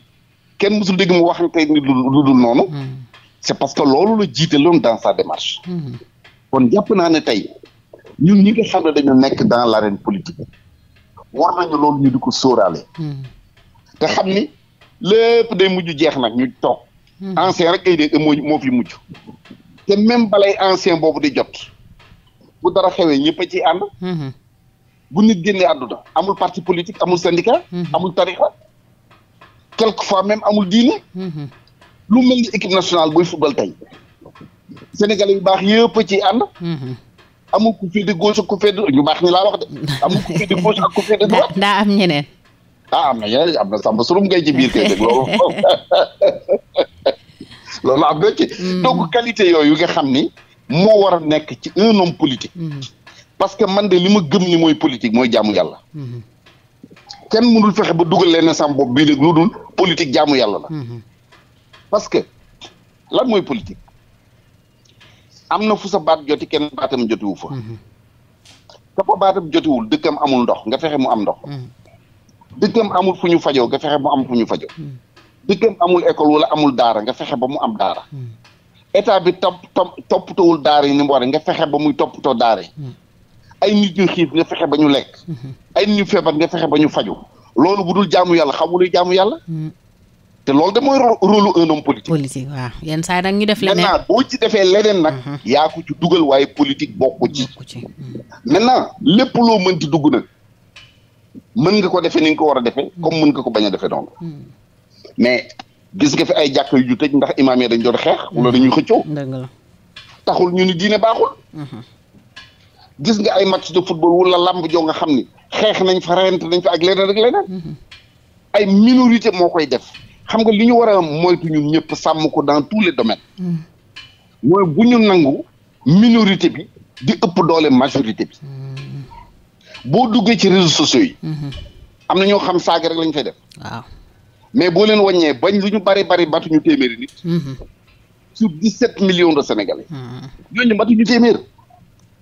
Speaker 2: kenn musul dégg mu waxante nit lu dul noonu mhm. c'est parce que loolu la jiite jiitaloon dans sa démarche kon jàpp naa ne tey ñun ñi nga xam dañu nekk dans l'arène politique war nañu loolu ñu di ko sóoraale te xam ni lépp day mujj jeex nag ñu toog ancien rek ay dégg moo moo fi mujj te même balay ancien boobu di jot bu dara xewee ñëpp ci ciy ànd. Mm-hmm. bu nit génnee àdduna amul parti politique amul syndicat. Mm-hmm. amul tarixa quelquefois même amul diine. Mm-hmm. lu mel ni équipe nationale buy football tey sénégalais yu baax yëpp a ciy ànd. amul ku féete gauche ak ku féete ñu baax ñi laa wax de. amul ku féete gauche ak ku féete droite.
Speaker 1: daa am ñeneen.
Speaker 2: ah am na yeneen am na Samba Surum ngay ci biir kay dégg loolu am na ci. donc qualité yooyu nga xam ni moo war nekk ci un homme hmm. parce que man de li ma gëm ni mooy politique mooy jaamu yàlla. Hmm. kenn mënul fexe ba dugal leen sam boobu bii nag lu dul politique jaamu yàlla la. Hmm. parce que lan mooy politique am na fu sa baat joti kenn baatam jotiwu fa. sa fa baatam jotiwul dëkkam amul ndox nga fexe mu am ndox. dëkkam amul fu ñu fajoo nga fexe mu am fu ñu fajoo. diggam amul école wala amul daara nga fexe ba mu am daara hmm. état bi topp toppatoowul daara yi ni mu war nga fexe ba muy toppatoo daara yi hmm. ay nit ñu xiif nga fexe ba ñu lekk hmm. ay nit ñu feebar nga fexe ba ñu faju loolu bu dul jaamu yàlla xamuluy jaamu yàlla te loolu de mooy rôle un homme politique. politique
Speaker 1: yenn saa yi nag ñu def leneen maintenant
Speaker 2: ci defee leneen nag. yaa ko ci dugal waaye politique bokku ci. maintenant lépp loo mën ci dugg nag mën nga ko defee ni ko war a defee comme mën nga ko bañ a defee noonu. mais gis nga fi ay jàkk yu ju tëj ndax imaam yi dañ doon xeex wala dañuy mhm. xëccoo taxul ñu ni diine baaxul mhm. gis nga ay match de football wala làmb joo nga xam ni xeex nañ fa rent nañ fa ak leneen ak leneen mhm. ay minorité moo koy def xam nga li ñu war a moytu ñun ñëpp sàmm ko dans tous les domaines mooy bu ñu nangu minorité bi di ëpp doole majorité bi boo duggee ci réseaux sociaux yi am na ñoo xam saaga rek lañ fay def waaw mais boo leen wàññee bañ lu ñu bari bari batuñu téeméeri nit. Mhm. sur dix-sept million de sénégalais. Mhm. ñooñu batuñu téeméer.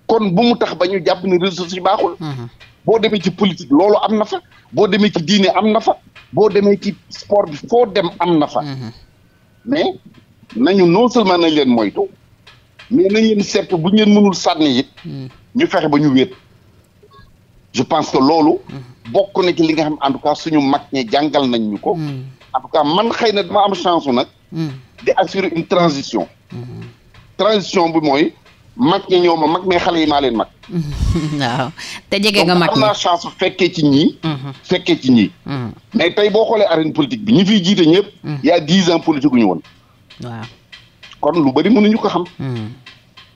Speaker 2: kon bu mu tax ba ñu jàpp ne réseau yi baaxul. Mhm. boo demee ci politique loolu am na fa. boo demee ci diine am na fa. boo demee ci sport bi foo dem am na fa. mais nañu non seulement nañ leen moytu. mais nañ leen seet bu ñu leen mënul sànni it. ñu fexe ba ñu wéet. je pense que loolu. bokk na ci li nga xam en tout cas suñu mag ñi jàngal nañ ñu ko. Hmm. en tout cas man xëy na dama am chance nag. Hmm. di assurer une transition. Hmm. transition bi mooy mag ñi ñoo ma mag mais xale yi maa leen mag. waaw te jege nga mag ñi am naa fekkee ci ñii. fekkee ci ñii. mais tey boo xoolee arène politique bi ñi fiy jiite ñëpp. y a dix ans politique ñu woon. waaw kon lu bari ñu ko xam.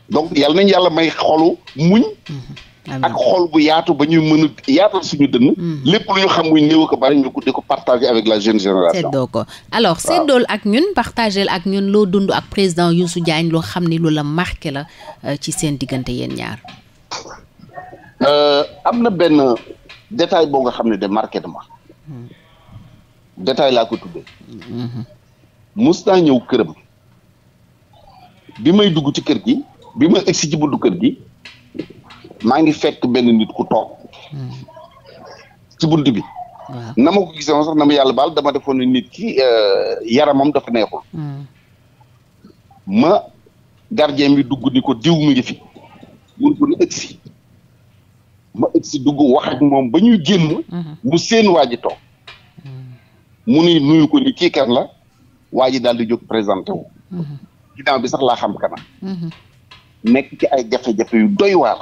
Speaker 2: donc yal nañ yàlla may xolu muñ. ak xol bu yaatu ba ñuy mën a yaatal suñu dënn hmm. lépp lu ñu xam muy néew ko bari ñu ko di ko partager avec la jeune génération seddoo ko
Speaker 1: alors seddool ak ñun partagel ak ñun loo dund ak président Youssou Diagne loo xam ni lu la marqué la euh, ci seen diggante yéen ñaar
Speaker 2: euh, am na benn détail boo nga xam ne de marqué dama hmm. détail laa ko tuddee mus hmm. naa ñëw këram bi may dugg ci kër gi bi may egsi ci buntu kër gi maa ngi fekk benn nit ku toog ci bunt bi na ma ko gisoon sax na ma yàlla baal dama defoon ne nit ki euh, yaramam dafa neexul hmm. ma gardien bi dugg ni ko diw mi ngi ba ñuy génn hmm. mu seen hmm. mu ni nuyu ko ni kii kan la waa ji daal di jóg présenté wu ginnaaw bi sax laa xam kana nekk ci ay jafe-jafe yu doy waar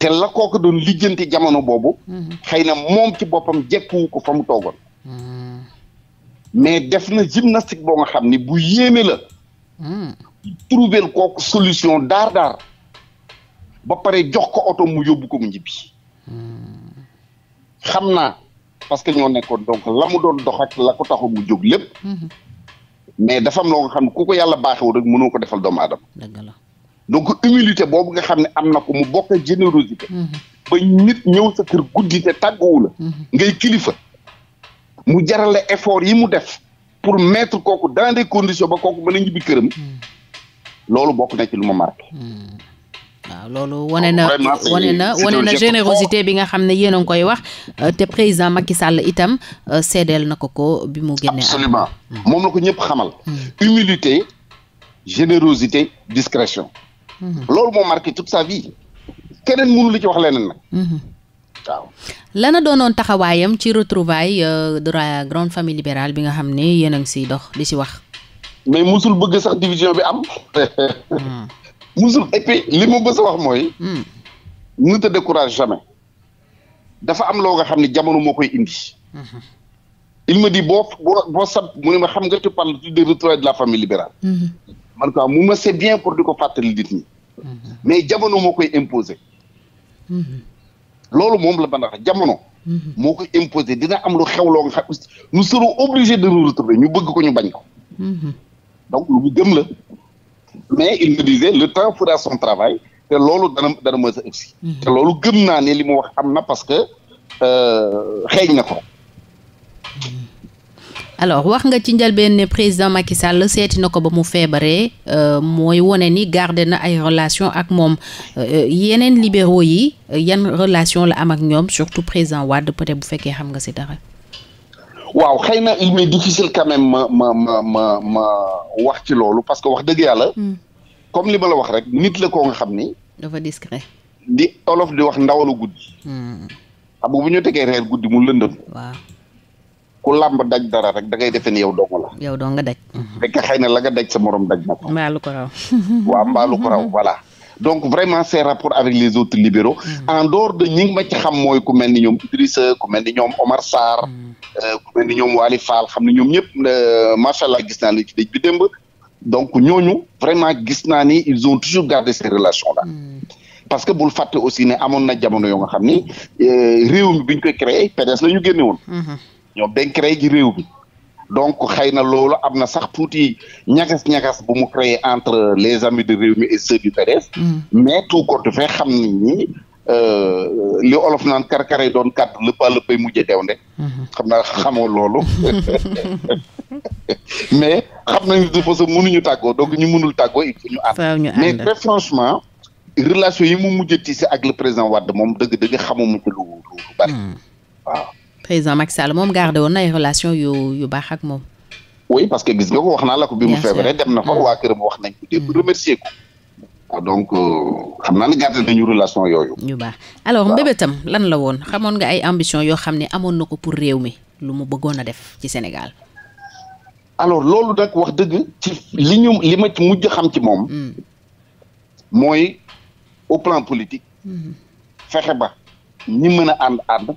Speaker 2: te la kooku doon lijjanti jamono boobu. Mhm. xëy na moom ci boppam jekkuwu ko fa mu toogoon. Mhm. mais def na gymnastique boo nga xam ni bu yéeme la. Mhm. trouver kooku solution daar daar ba pare jox ko oto mu yóbbu ko mu njibbi. xam naa parce que ñoo nekkoon donc la mu doon dox la ko taxu mu jóg lépp. mais dafa am loo xam ne ku ko yàlla baaxewu rek mënoo ko defal doomu aadama. dëgg donc humilité boobu nga xam ne am na ko mu bokk générosité ba nit ñëw sa kër guddi te tàgguwu ngay kilifa mu jarale effort yi mu def pour mettre kooku dans des conditions ba kooku mën a ñibbi këram loolu bokk na ci lu ma marqué
Speaker 1: waaw loolu wane na wane na wane générosité bi nga xam ne yéen a ngi koy wax te président Macky sàll itam euh, seedeel na ko
Speaker 2: ko bi mu génnee absolument hmm. moom la ko ñëpp xamal hmm. humilité générosité discrétion Mhm. loolu moo marqué toute sa vie keneen mënu li ci wax leneen nag. Mhm. waaw
Speaker 1: lana doonoon taxawaayam ci retrouvaille euh, de la grande famille libérale bi nga xam ni yéen si ngi siy dox di si wax.
Speaker 2: mais mosul bëgg sax division bi am. Mhm. musul et puis li mu bëgg sa wax mooy. ne te décourage jamais. am loo nga xam ne jamono moo koy indi. il me dit boo boo boo sab mu ne ma xam nga tu parles de retrouvaille de la famille libérale. man quoi mu ma c'est bien pour di ko fàttali nit ñi mhm. mais jamono moo koy imposer mhm. loolu moom la bandax jamono mhm. moo koy imposer dina am lu xew loo nga xam nous serons obligés de nous retrouver ñu bëgg ko ñu bañ ko donc lu mu gëm la mais il me disait le temps fera son travail te loolu dana dana mën te loolu gëm naa ne li mu wax am na parce que euh, xeeñ na ko
Speaker 1: alors wax nga ci njëlbeen ne président Macky Sall seeti na ko ba mu feebaree euh, mooy wone ni garde na ay relation ak moom euh, yeneen libéraux yi yan relation la am ak ñoom surtout président Wade peut-être bu fekkee xam nga si dara.
Speaker 2: waaw xëy na il m'est difficile quand ma ma ma ma ma wax ci loolu parce que wax dëgg yàlla. Hmm. comme li ma la wax rek nit la koo nga xam ni.
Speaker 1: dafa discret.
Speaker 2: di olof di wax ndawalu guddi. Hmm. xam nga bu ñu tegee reer guddi mu lëndëm. waaw. ku làmb daj dara rek da defee defe ni yow dong la. yow dong nga daj. fekk xëy na la nga daj sa morom daj na ko. mbaalu ko raw. waaw mbaalu raw voilà. donc vraiment ces rapports avec les autres libéraux. Mm. en dehors de ñi ma xam mooy ku mel ni ñoom Idrissa ku mel ni ñoom Omar Sarr. Mm. Euh, ku mel ni ñoom wali Fall xam ne ñoom ñëpp euh, macha allah gis naa la ci dëj bi démb. donc ñooñu vraiment gis naa ni ils ont toujours gardé ces relations la mm. parce que bul fàtte aussi ne amoon na jamono yoo xam ni euh, réew mi bi ñu koy créé PDS la ñu génne woon. Mm-hmm. ñoom dañ créé ji réew bi donc xëy na loolu am na sax tuuti ñagas-ñagas bu mu créé entre les amis de réew mi et ceux du PDS. Mm. mais tout compte fait xam nañ ni euh, li olof naan karkare doon kat lëppa lëppay mujje dew nde mm-hmm. xam naa xamoo loolu mais xam na ñu façon mënuñu tàggoo donc ñu mënul tàggoo il faut ñu ànd mais très franchement relation yi mu mujjati si ak le président Wade moom dëgg-dëgg xamuma ci lu lu bari mm.
Speaker 1: waaw président Macky Sall moom gardé woon na relation yu yu baax ak moom.
Speaker 2: oui parce que gis nga ko wax naa la ko bi mu feebaree dem na fa waa këram wax nañ ko démb mm. remercier ko. Ah, donc euh, xam naa ne gàttal nañu relation yooyu.
Speaker 1: yu baax alors mbébétam lan la woon xamoon nga ay ambition yoo xam ne amoon na ko pour réew mi lu mu bëggoon a def ci
Speaker 2: Sénégal. alors loolu nag wax dëgg ci li ñu li ma mujj xam ci moom. Mm. mooy au plan politique. Mm-hmm. fexe ba ñi mën a ànd ànd.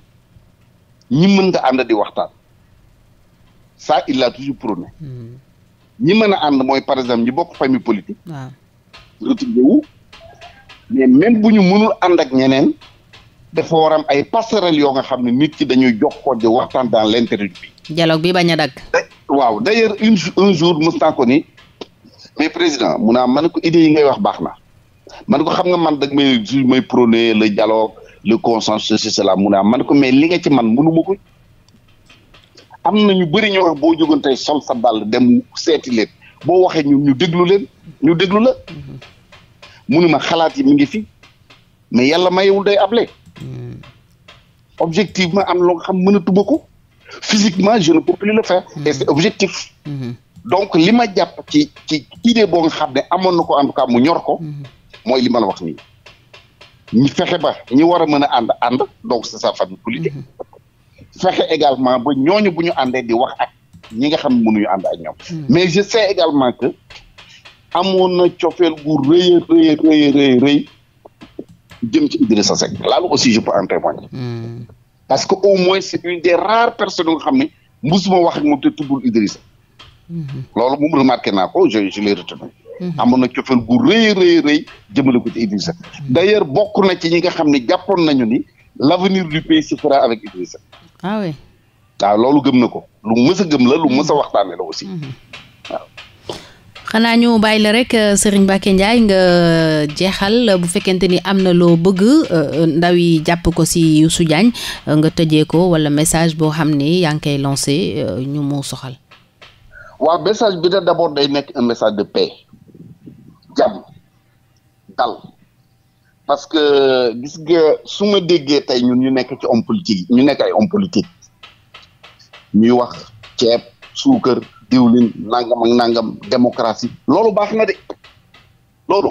Speaker 2: ñi mën nga ànd di waxtaan ça il l'a toujours prôné hmm. ñi mën a ànd mooy par exemple ñi bokk famille politique waaw ah. retrouvé wu même bu ñu mënul ànd ak ñeneen dafa war am ay passerelles yoo nga xam ne nit ki dañuy jox ko di waxtaan dans l'intérêt du
Speaker 1: pays dialogue bi bañ a dagg
Speaker 2: waaw d'ailleurs un jour mës naa ko ni mais président mu naa man ko idée yi ngay wax baax na man ko xam nga man dag may toujours may prôné le dialogue le consensus si cela mun a man ko mais li nga ci man mënu ma ko am na ñu bëri ñoo boo jógoon tey sol sa dàll dem seeti leen boo waxee ñu ñu déglu leen ñu déglu la munu ma xalaat yi mu ngi fi mais yàlla mayewul day able objectivement am loo xam mënatuma ko physiquement je ne peux plus le faire et c'est objectif donc li ma jàpp ci ci idée boo nga xam ne amoon na ko en mu ñor ko mooy li ma la wax nii ñu fexe ba ñi war a mën a ànd ànd donc c'est sa famille politique mm-hmm. fexe également ba ñooñu bu ñu àndee di wax ak ñi nga xam ne mënuñu ànd ak ñoom mm-hmm. mais je sais également que amoon na cofeel gu rëy a rëy jëm ci Idrissa Seck laalu aussi je peux en témoigner mm-hmm. parce que au moins c'est une des rares personnes nga xam ne musuma wax ak moom te tuddul loolu moom remarqué naa ko je je l'ai Mhm. amoon na cofeel bu rëy rëy rëy jëmale ko ci Idrissa mhm. d' ailleurs bokk na ci ñi nga xam ne jàppoon nañu ni l' du pays se fera avec Idrissa ah waaw loolu gëm na ko lu mës gëm la lu mës a mhm. la aussi
Speaker 1: xanaa ñu bàyyi la rek euh, Serigne Mbacké njaay nga euh, jeexal bu fekkente ni am na loo bëgg euh, ndaw yi jàpp ko si Youssou nga tëjee ko wala message boo xam ni yaa ngi koy lancé ñu
Speaker 2: mu soxal waaw message bi da d'abord day nekk un message de paix jàmm dal parce que gis nga su ma déggee tey ñun ñu nekk ci homme politique ñu nekk ay homme politique ñuy wax ceeb suukar diwlin nangam ak nangam démocratie loolu baax na de loolu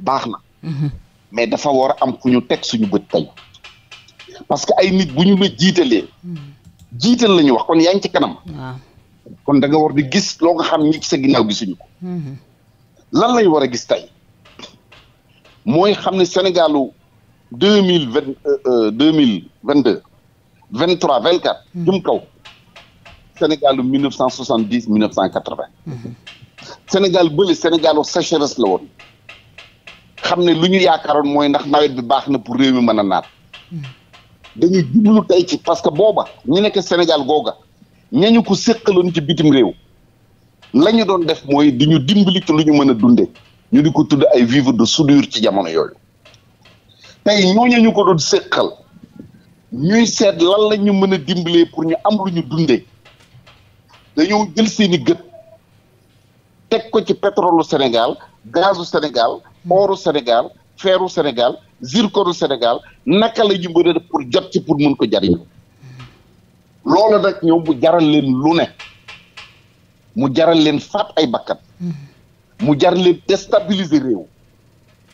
Speaker 2: baax na mhm. mais dafa war a am fu ñu teg suñu bët tey parce que ay nit bu ñu la jiitalee mhm. jiital la ñu wax kon yaa ci kanam kon da war di gis loo nga xam ñi ci sa gisuñu ko mhm. lan lay war a gis tey mooy xam ne Sénégalu deux mille vingt euh, euh, deux mille vingt deux vingt trois vingt quatre hmm. jëm kaw Sénégalu mille neuf cent soixante dix mille neuf cent quatre vingt hmm. Sénégal bële Sénégalu sécheresse la woon xam ne lu ñu yaakaaroon mooy ndax nawet bi baax na pour réew mi mën a naat hmm. dañuy jublu tey ci parce que booba ñu nekk Sénégal googa ñañu ko séqaloon ci bitim réew la ñu doon def mooy di ñu dimbali ci lu ñu mën a dunde ñu di ko tudd ay vivres de soudire ci jamono yooyu tey ñooñu ñu ko doon sëqal ñuy seet lan la ñu mën a dimbalee pour ñu am lu ñu dundee dañoo jël seeni gët teg ko ci pétrole Sénégal gazu Sénégal ooru Sénégal feeru Sénégal zirconu Sénégal naka la ñu mën pour jot ci pour mun ko jariñu loolu nag ñoom bu jaral leen lu ne mu jaral leen faat ay bakkan mu jaral leen déstabiliser réew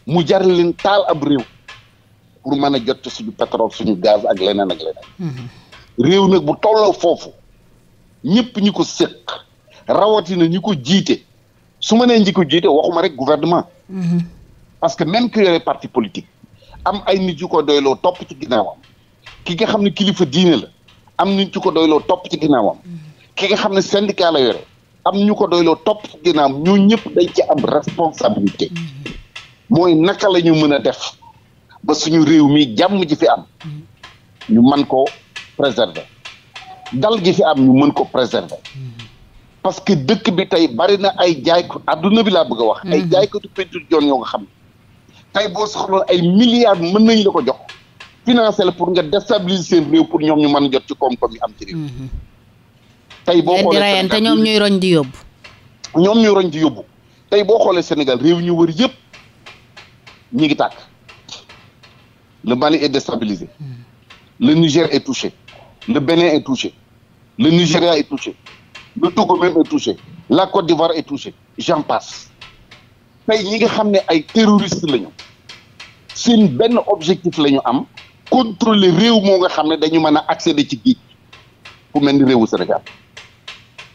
Speaker 2: mu jaral leen taal ab réew pour mën a jot suñu pétrole suñu gaz ak leneen ak réew nag bu tolloo foofu ñëpp ñi ko rawatina ñi ko jiite su ma nee ñi ko jiite waxuma rek gouvernement parce que même que yore parti politique am ay ni yu ko doyloo topp ci ginnaawam ki xam ne kilifa diine la am nit yu ko doyloo topp ci ginnaawam ki nga xam ne syndicat la yore am ñu ko doyloo topp ginnaam ñoo ñëpp dañ ci am responsabilité mooy naka lañu mën a def ba suñu réew mi jàmm ji fi am ñu mën ko préserver dal ji fi am ñu mën ko préserver parce que dëkk bi tey bari na ay jaay ko adduna bi laa bëgg a wax. Mm-hmm. ay jaaykatu peinture joon yoo nga xam tey boo soxloon ay milliards mën nañ la ko jox financé la pour nga déstabiliser réew pour ñoom ñu mën a jot ci koom-koom yi am ci réew. Mm-hmm. tey boo xoolee Sénégal te ñoom ñuy roñ di tey boo xoolee Sénégal réew ñu wër yëpp ñi ngi tàkk le Mali est déstabilisé hmm. le Niger est touché le Bénin est touché le Nigeria est touché le Togo même est touché la Côte d'Ivoire est touchée j'en passe tey ñi nga xam ne ay terroristes lañu seen benn objectif la ñu am contrôler réew moo nga xam ne dañu mën a accéder ci géej pour mel ni réewu Sénégal.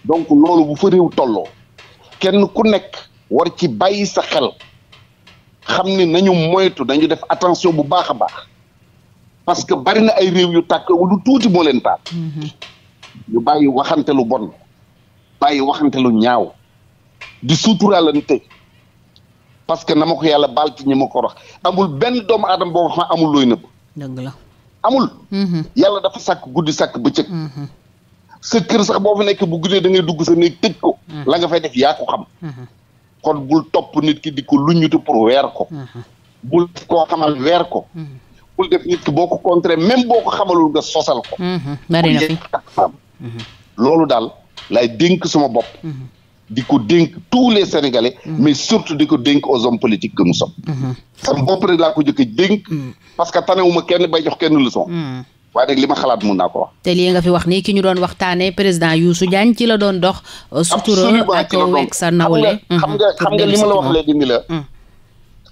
Speaker 2: donc loolu bu fa réew tolloo kenn ku nekk war ci bàyyi sa xel xam ni nañu moytu nañu def attention bu baax a baax parce que bari na ay réew yu tàkk lu tuuti moo leen taal. Mm-hmm. ñu bàyyi waxante bon bàyyi waxante lu ñaaw di suturaalante parce que na ma ko yàlla baal ci ñi ma ko rax amul benn doomu aadama boo xam amul looy nëbb. dëgg la amul. Mm-hmm. yàlla dafa sàkk guddi sàkk bëccëg. Mm-hmm. sa kër sax boo fa nekk bu guddee da ngay dugg sa néeg tëj ko. Mm-hmm. la nga fay def yaa ko xam. Mm-hmm. kon bul topp nit ki di ko luññutu pour weer ko. Mm-hmm. bul koo ko. bul def nit ki boo ko contré même boo ko xamalul nga sosal ko. bari loolu daal lay dénk sama bopp. di ko dénk tous les sénégalais. mais surtout di ko dénk aux hommes politiques que nous sama bopp rek ko jëkk a dénk. parce que tanewuma kenn bay jox kenn leçon. waaye nag li xalaat mun naa ko wax.
Speaker 1: te lii nga fi wax nii ki ñu doon waxtaanee président Youssou Diagne ci la doon dox. sutura ak wekk sa nawle xam nga xam mhm. nga li la wax léegi
Speaker 2: ni la. Mhm.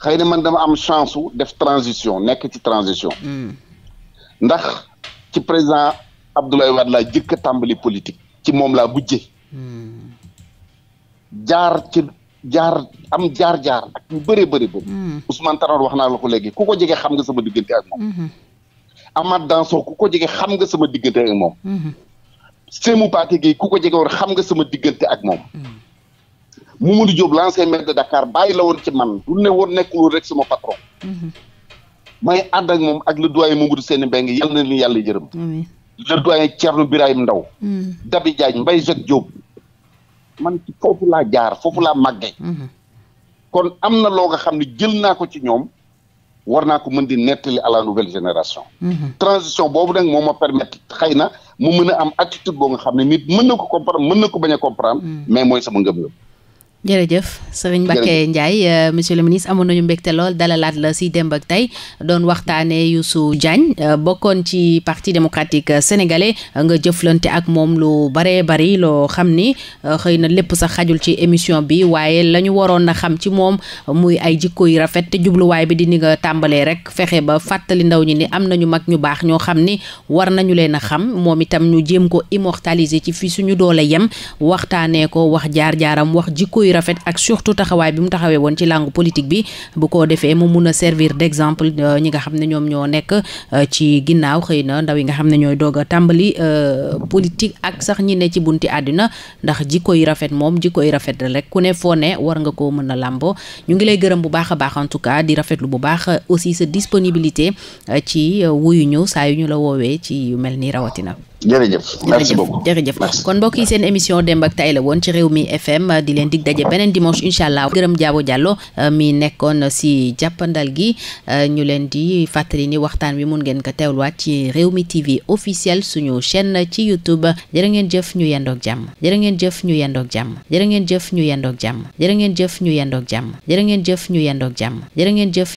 Speaker 2: xay na man dama am chance su def transition nekk ci transition. Mhm. ndax ci président Abdoulaye Wade laa jëkk a tàmbali politique. ci moom laa bujjee. jaar ci jaar am jaar jaar ak ñu bëree bëri bëri. Ousmane wax naa la ko léegi ku ko jege xam nga sama diggante ak moom. Amath Dansokho ku ko jege xam nga sama diggante ak moom. Mhm. Sémou Pathé Guèye ku nga sama diggante ak moom. Mhm. Mamadou Diop l'ancien maire de Dakar bàyyi la woon ci man du ne woon rek sama patron. Mhm. may ànd ak moom ak le doyen Mamadou Sène Mbengue yal na ni yàlla jërëm. le doyen Thierno Birahim Ndaw. Dabi Diagne Mbaye Jacques Diop. man foofu laa jaar foofu laa màggee. kon am na loo nga xam ne jël naa ko ci ñoom. war naa ko mën di nettali à la nouvelle génération. Mhm. transition boobu nag moo ma permettre xay na mu mën am attitude boo nga xam ne nit mën na ko comprendre mën na ko bañ a comprendre. Mhm. mais mooy sama ngëm-ngëm.
Speaker 1: jërëjëf Serigne Mbacké Ndiaye euh, monsieur le ministre amoon nañu mbégte lool dalalaat la si démb ak tey doon waxtaanee su Diagne euh, bokkoon ci parti démocratique euh, sénégalais nga jëflante ak moom lu baree bari loo xam ni xëy na lépp sax xajul ci émission bi waaye lañu waroon a xam ci moom muy ay jikko yu rafet te jubluwaay bi di ni nga tàmbalee rek fexe ba fàttali ndaw ñi ni am nañu mag ñu baax ñoo xam ni war nañu leen a xam moom itam ñu jéem ko immortaliser ci fii suñu doole yem waxtaanee ko wax jaar jaaram wax jikko yu rafet ak surtout taxawaay bi mu taxawee woon ci langue politique bi bu ko defee mu mun a servir d'exemple euh, ñi nga xam ne ñoom ñoo nekk euh, ci ginnaaw xëy na ndaw yi nga xam ne ñooy doog a tàmbali euh, politique ak sax ñi ne ci bunti àddina ndax jikko yi rafet moom jikko yi rafet rek ku ne foo ne war nga ko mën a làmboo ñu ngi lay gërëm bu baax a baax en tout cas di rafetlu bu baax aussi sa disponibilité ci wuyu ñu saa yu ñu la woowee ci yu mel ni rawatina
Speaker 2: jërëjëf merci beaucoup
Speaker 1: jërëjëf kon mbokk yi seen émission démb ak tay la woon ci réew mi FM di leen dig daje beneen dimanche incha allah gërëm Diabo Diallo euh, mi nekkoon si jàppandal gi euh, ñu leen di fàttali ni waxtaan wi mun ngeen ko teewluwaat ci réew mi TV officiel suñu chaîne ci YouTube jërë ngeen jëf ñu yendoog jàmm jërë ngeen jëf ñu yendoog jàmm jërë ngeen jëf ñu yendoog jàmm jërë ngeen jëf ñu yendoog jàmm jërë ngeen jëf ñu yendoog jàmm jërë ngeen jëf